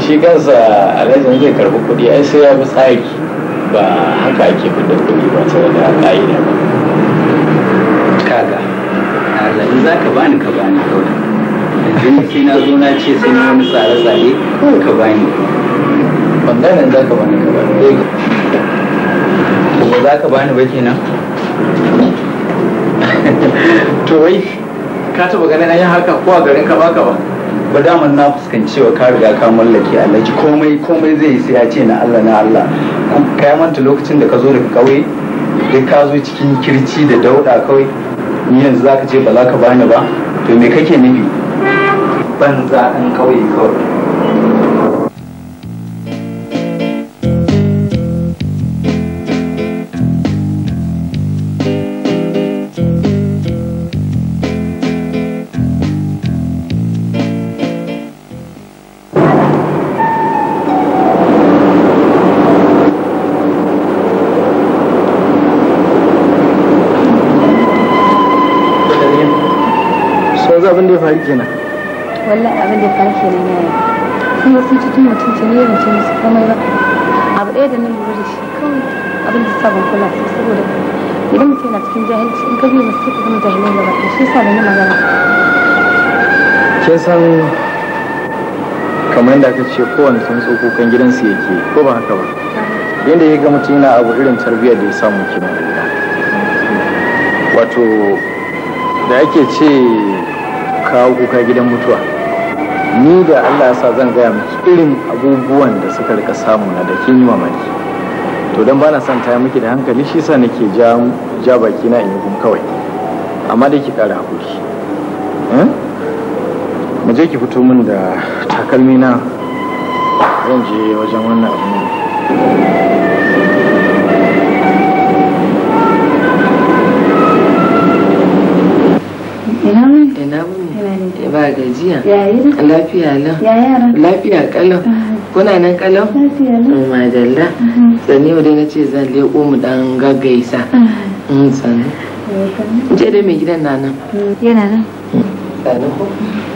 Speaker 1: shi kansa alhajin zai karbi kuɗi ai sai ya bi tsari ba haka ake fidda kuɗi ba tare da ƙa'ida ba kaga Allah in za ka bani ka bani kawai yanzu sai na zo na ce sai na wani tsare-tsare ka bani bangaren za ka bani ka bani eh. ba za ka bani ba kenan to wai ka taɓa ganin an yi haka ko a garin ka baka ba ba daman na fuskanci ka riga ka mallaki alhaji komai komai zai yi sai ya ce na Allah na Allah ka manta lokacin da ka zo daga kauye dai ka zo cikin kirci da dauda kawai ni yanzu zaka ce ba za ka bani ba to me kake nufi banza ɗan kauye kawai yi kenan
Speaker 2: wallahi abin da faru ne ya yi sun yi sun cikin mutum ce ne yawan ce musu komai ba abu ɗaya da nan lura da shi kawai abin da sabon kula su saboda idan mutum yana cikin jahilci
Speaker 4: in ka biya masu sai ka zama jahilai gaba ɗaya shi yasa da ni magana kin
Speaker 1: san kamar yadda aka ce kowane tsuntsu kukan gidansu yake ko ba haka ba yadda ya ga mutum yana abu irin tarbiyyar da ya samu kenan wato da ake ce kawo kuka gidan mutuwa ni da allah sa zan gaya miki irin abubuwan da suka rika samu na da kin yi mamaki to don bana son taya miki da hankali shi sa nake ja bakina baki na in kawai amma dai ki kara hakuri eh? mu je ki fito min da takalmi na zan je wajen wannan abin
Speaker 2: ina ba gajiya lafiya lau lafiya kalau kuna nan kalau madalla sani wadai na ce zan leƙo mu dan gaggaisa mm, sani
Speaker 3: eh, je dai
Speaker 2: mai gidan na nan
Speaker 3: mm, yana nan mm,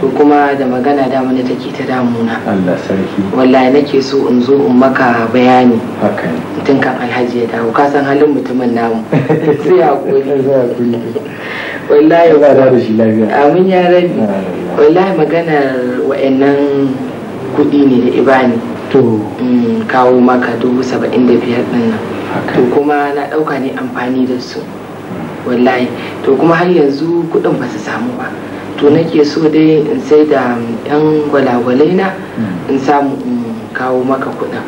Speaker 2: to kuma da magana da mana take ta damuna Allah sarki wallahi nake so in zo in maka bayani haka tun kan alhaji ya dawo ka san halin mutumin namu sai hakuri wallahi ba da shi lafiya amin ya rabi wallahi maganar wa'annan kuɗi ne da ibani to kawo maka dubu saba'in da biyar ɗin nan to kuma na ɗauka ne amfani da su wallahi to kuma har yanzu kuɗin ba su samu ba to nake so dai in sai da yan gwalagwalai na hmm. in samu in kawo maka kuɗa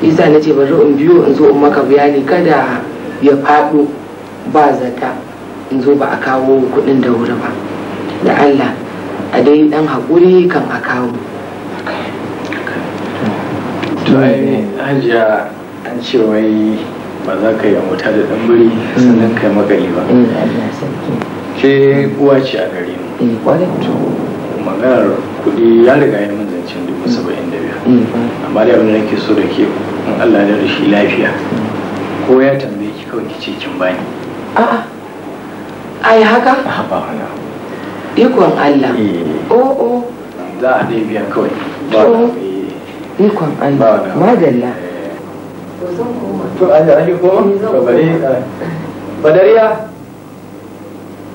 Speaker 2: shi sa na ce bari in biyo in zo in maka bayani kada ya faɗo ba zata in zo ba a kawo kuɗin da wuri ba da allah a dai ɗan haƙuri kan a kawo
Speaker 1: to hmm. hajiya an ce wai ba za ka yi wuta da ɗan sannan kai magani ba hmm. ke uwa ce a gare mu eh kwarai to maganar kudi ya riga ya mun zancen dubu saba'in da biyar mm, mm. amma da abin da nake so da ke in Allah da shi lafiya mm. ko ya tambaye ki kawai ki ce kin bani a'a ai haka ba eh, wani ikon Allah o eh. o oh, oh. za a dai biya kawai ba
Speaker 2: ikon eh, Allah madalla
Speaker 1: to an ji koma to bare badariya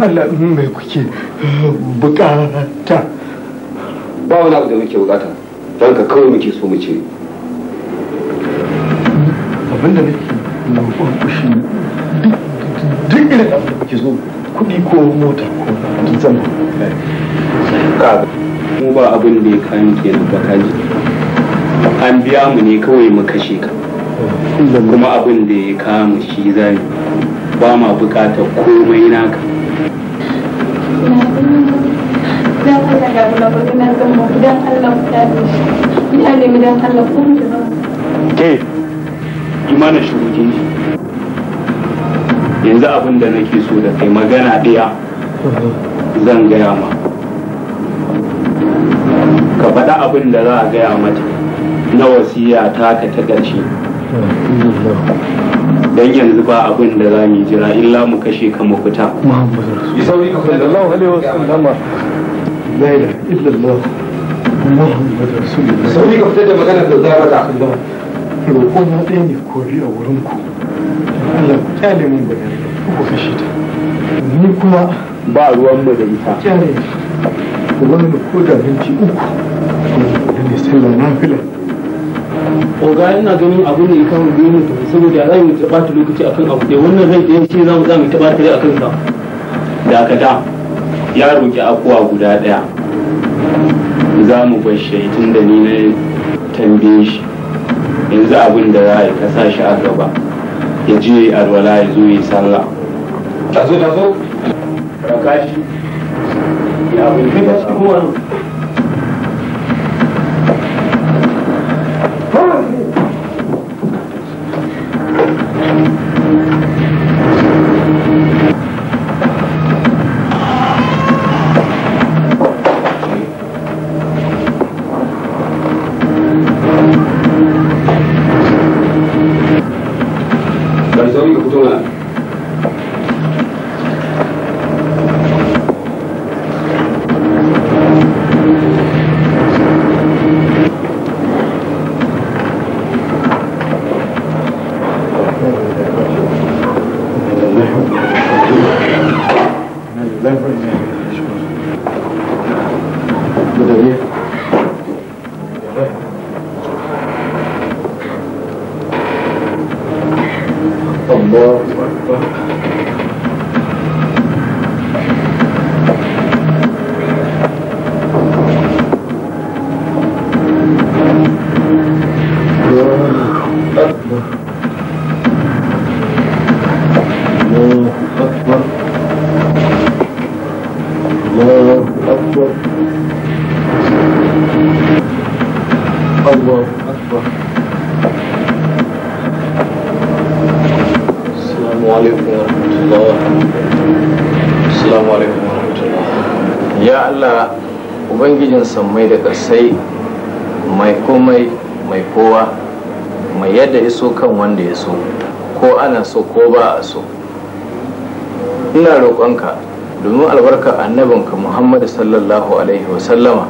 Speaker 1: Allah mai kuke bukata ba wani abu da muke bukata ranka kawai muke so mu ce abinda nake roƙon ku shi duk irin da kuke so kuɗi ko mota ko zama mu ba abin da ya kani kenan ba kaji an biya mu ne kawai mu kashe ka kuma abin da ya kama shi zai ba ma bukatar komai naka
Speaker 5: Allah imana yanzu
Speaker 1: abin da nake so da kai magana ɗaya zan gaya ma ka faɗa abin da za a gaya mata na wasiya ta ka ta ƙarshe don yanzu ba abin da za mu jira illa mu kashe ka mu fita. Muhammadu Alaihi الا الله محمد رسول ka na a wurin ku Allah ku ku ni kuma ba da oga ina ganin abu ne kan saboda za mu taɓa ta lokaci akan abu wannan zai ɗaya shi za mu za mu taɓa ta akan sa dakata ya roƙi akuwa guda ɗaya za mu bar shi tun da ni na tambaye shi yanzu abin da za a yi ka sa shi a gaba ya je alwala ya zo ya sallah tazo tazo raka shi ya sammai da sai mai komai mai kowa mai yadda ya so kan wanda ya so ko ana so ko ba a so ina roƙonka domin albarka annabinka muhammadu sallallahu alaihi wasallama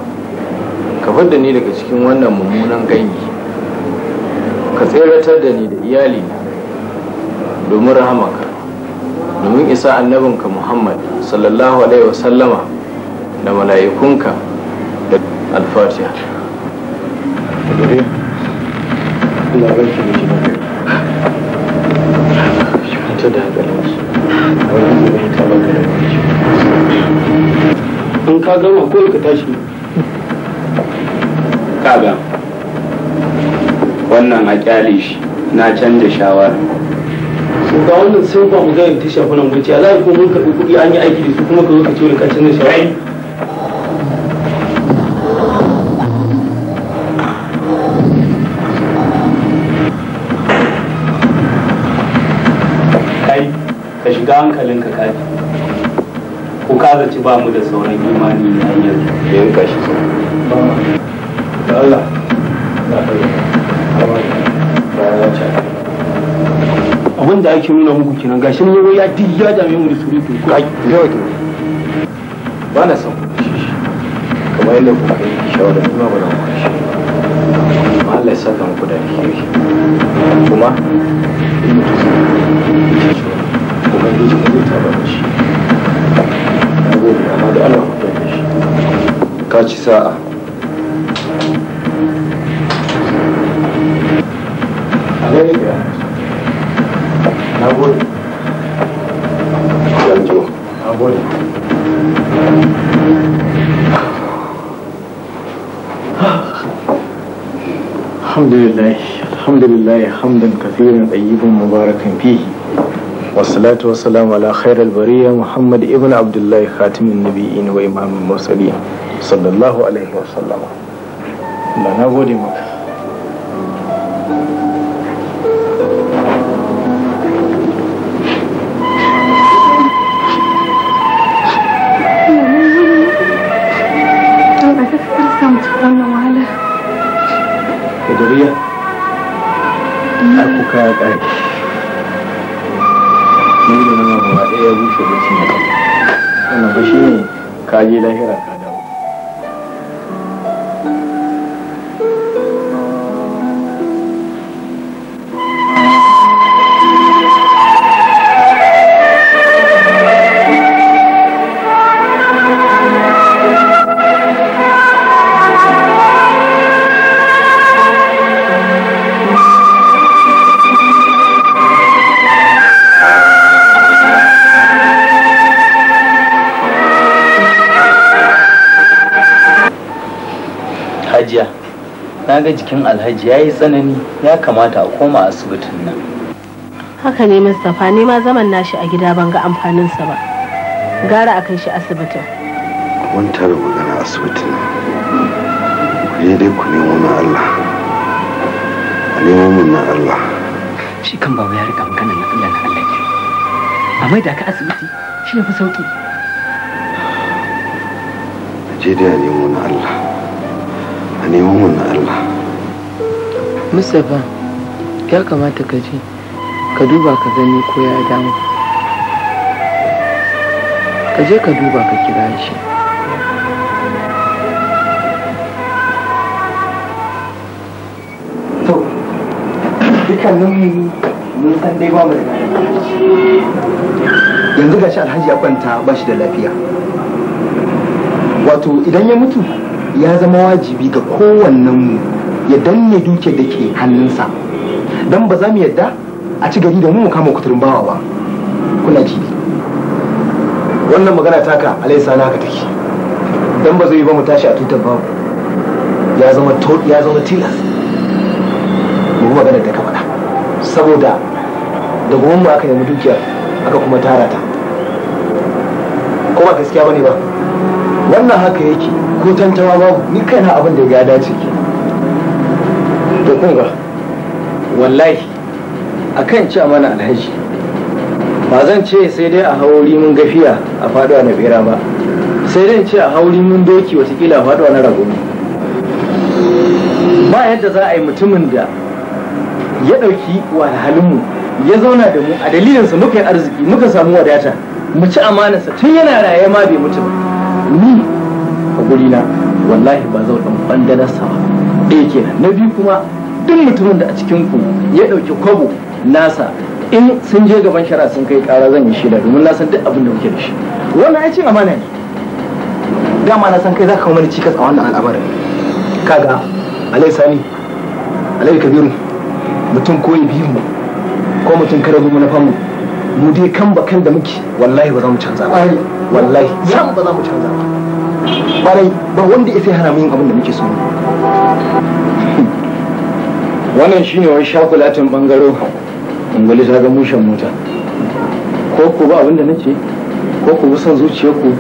Speaker 1: ka fadda ni daga cikin wannan mummunan gangi ka tseratar da ni da iyali domin rahamaka domin isa annabinka muhammad sallallahu alaihi wasallama da mala'ikunka الفاتحة in ka gama ko ka tashi kaga wannan a kyale shi na canza shawara su ga wannan sai ba mu ga ta shafi nan wuce a za a kuma mun karɓi kuɗi an yi aiki da su kuma ka zo ka ce ka canza shawara shiga hankalinka kaji ku kaza ci ba mu da sauran imani na yanzu da yanka shi su abin da ake nuna muku kenan gashi ne ya duk ya dame mu da surutu ku yawa ke ba na san kamar yadda kuka yi shawarar kuma ba na kwashi Allah ya saka muku da alheri kuma ubangiji ya zai tare da shi shi sa'a الحمد لله الحمد لله حمدا كثيرا طيبا مباركا فيه والصلاة والسلام على خير البرية محمد ابن عبد الله خاتم النبيين وإمام المرسلين صلى الله عليه وسلم لا نقول مكة Yeah. طيب، shugabancin ya wannan ba shi ne kaje lahira ka ga jikin alhaji ya yi tsanani ya kamata a koma asibitin nan
Speaker 4: haka ne mustapha ne ma zaman nashi a gida ban ga amfaninsa ba gara a kai shi asibitin
Speaker 1: kun tara magana asibitin ku je dai ku nemo na allah a nemo min na allah shi kan baba ya rika magana na allah na allah ke a mai da ka asibiti shi ne fi sauki je dai a nemo na allah a nemo mun na Allah
Speaker 2: mustapha ya kamata ka je ka duba ka gani ko ya damu ka je ka duba ka kira
Speaker 1: shi to dukkanin mun san dai ba mu da yanzu gashi alhaji ya kwanta ba shi da lafiya wato idan ya mutu ya zama wajibi ga kowannen mu ya danne dukiyar da ke hannunsa don ba za mu yadda a ci gari da mu kama kuturin bawa ba kuna ji wannan magana ta ka alaisa na haka take don ba zai yi ba mu tashi a tutar babu ya zama ya zama tilas mu magana da ka faɗa saboda da mu aka nemi dukiyar aka kuma tara ta ko ba gaskiya bane ba wannan haka yake ko tantawa babu ni kaina abin da ya dace ke kunga wallahi a kan ci mana alhaji ba zan ce sai dai a hauri mun gafiya a faduwa na bera ba sai dai ce a hauri mun doki watakila a faduwa na rago ba yadda za a yi mutumin da ya ɗauki wahalhalinmu ya zauna da mu a dalilinsa muka yi arziki muka samu wadata mu ci amanarsa tun yana raye ma bai mutu ni a gurina wallahi ba zan ɗan ɓandararsa ba ɗaya kenan na biyu kuma duk mutumin da a cikin ku ya ɗauki kwabo nasa in sun je gaban shara sun kai ƙara zan yi shida domin na san duk abin da muke da shi wannan ya cin amana ne dama na san kai za ka kawo mani cikas a wannan al'amarin kaga alai sani alai kabiru mutum ko biyu mu ko mutum kare zuwa na famu mu dai kan bakan kan da muke wallahi ba za mu canza ba wallahi sam ba za mu canza ba ba wanda ya sai hana mu yin abin da muke so wannan shine wani shakulatin bangaro ungali ta ga mushen mota ko ku ba abinda nake ko ku son zuciya ku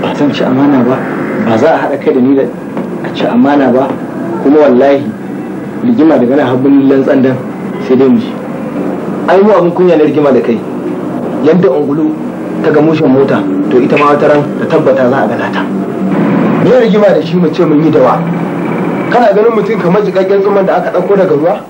Speaker 1: ba zan ci amana ba ba za a haɗa kai da ni da a ci amana ba kuma wallahi rigima daga na habbin lallan tsandan sai dai mu ai mu abin kunya ne rigima da kai yadda ungulu ta ga mushen mota to ita ma wata ta tabbata za a gana ta. Ni rigima da shi mu ce mun yi dawa kana ganin mutum kamar jikakken tsuman da aka ɗauko daga ruwa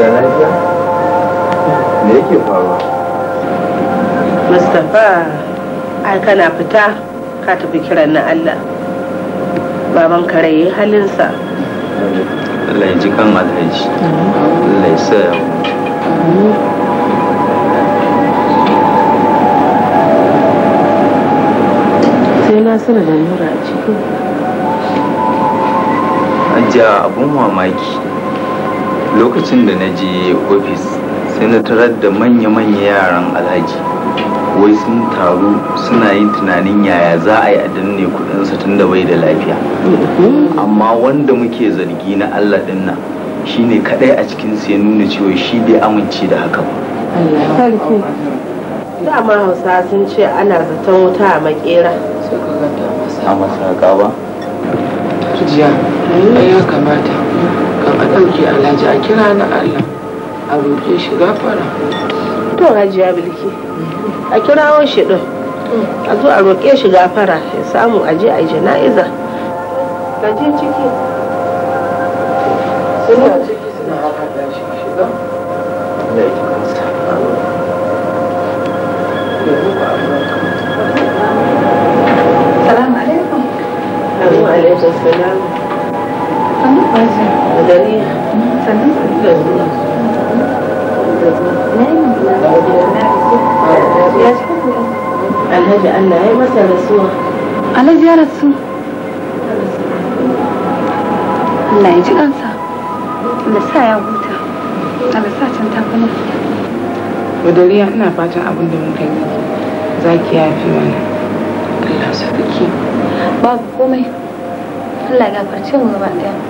Speaker 1: da lafiya me yake faruwa
Speaker 4: mustapha ai kana fita ka tafi kiran na allah baban kare ya halinsa
Speaker 1: allah ya ji kan alhaji allah ya sa
Speaker 4: sai na sana da nura a cikin
Speaker 1: ajiya abun mamaki lokacin da na je ofis sai na tarar da manya-manya yaran alhaji wai sun taru suna yin tunanin yaya za a yi a danne kudinsa tun da bai da lafiya amma wanda muke zargi na allah din nan ne kadai a cikin ya nuna cewa shi bai amince da haka ba
Speaker 4: dama hausa sun ce ana zaton wuta a makera
Speaker 1: a masaka ba
Speaker 2: ya kamata a ɗauke alhaji a kira na allah a roƙe shi gafara
Speaker 4: to hajiya bilki a kira kirawo shi ɗin a zo a roƙe shi gafara ya samu a aje a jana'iza
Speaker 2: ka je ciki suna ciki suna haka da shi shiga
Speaker 3: da ita kansa Salamu alaikum.
Speaker 4: Salamu alaikum. Salamu alaikum. dari sannan da zuwa alhaji allah ya masa rasuwa
Speaker 5: alhaji ya rasu
Speaker 2: allah ya ji kansa allah sa ya huta
Speaker 3: allah sa can tafi
Speaker 2: Badariya ina fatan abin da muka yi za ki yafi mana. Allah sarki.
Speaker 4: Babu komai. Allah ya gafarce mu gaba ɗaya.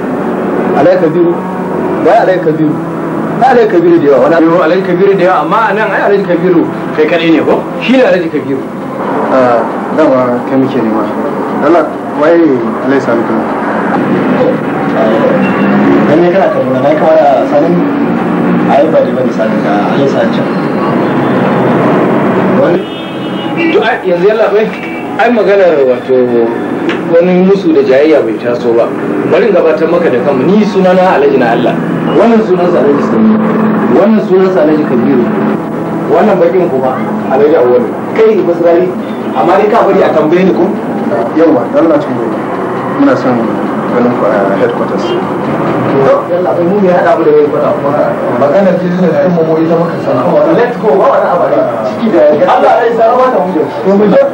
Speaker 1: alai kabiru ba alai kabiru na alai kabiru da yawa wani abu alai kabiru da yawa amma a ai alai kabiru kai kadai ne ko shi ne alai kabiru dama kai muke nema Allah waye alai sani kuma dan ne kana kabura na kama da sanin ai ba da bane sanin ka alai sani can wani yanzu yalla bai ai maganar wato wani musu da jayayya bai taso ba bari gabatar maka da kanmu ni suna na alhaji na Allah wannan sunan sa alhaji sami wannan sunan sa alhaji kabiru wannan bakin kuma alhaji awwal kai da basrari amma dai ka bari a tambaye ni ko yawa dan Allah cikin gobe muna son ganin ku a headquarters yalla bai mu ya hada mu da wai fara maganar da din mu ita maka sana'a let's go ba wani abari
Speaker 3: ciki da Allah ya yi ba
Speaker 1: ta mu ko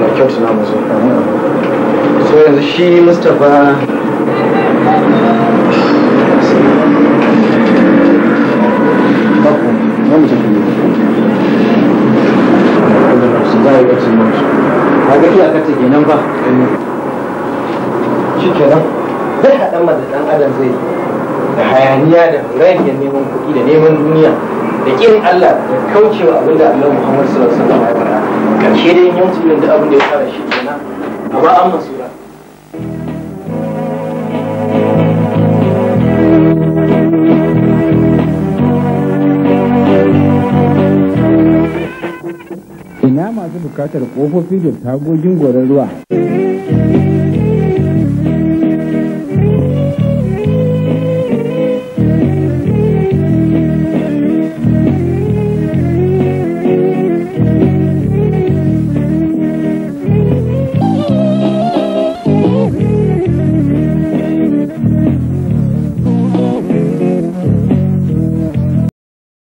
Speaker 1: na kyautu na musu so yanzu shi mustapha ta ba zai adam zai da hayaniya da neman kuɗi da neman duniya da ƙin Allah da kaucewa abinda Allah Muhammad sallallahu alaihi wasallam ya faɗa a ke dai yan zuwan da abin da ya fara shi kenan a ba an masura ina masu bukatar kofofi da tagogin goron ruwa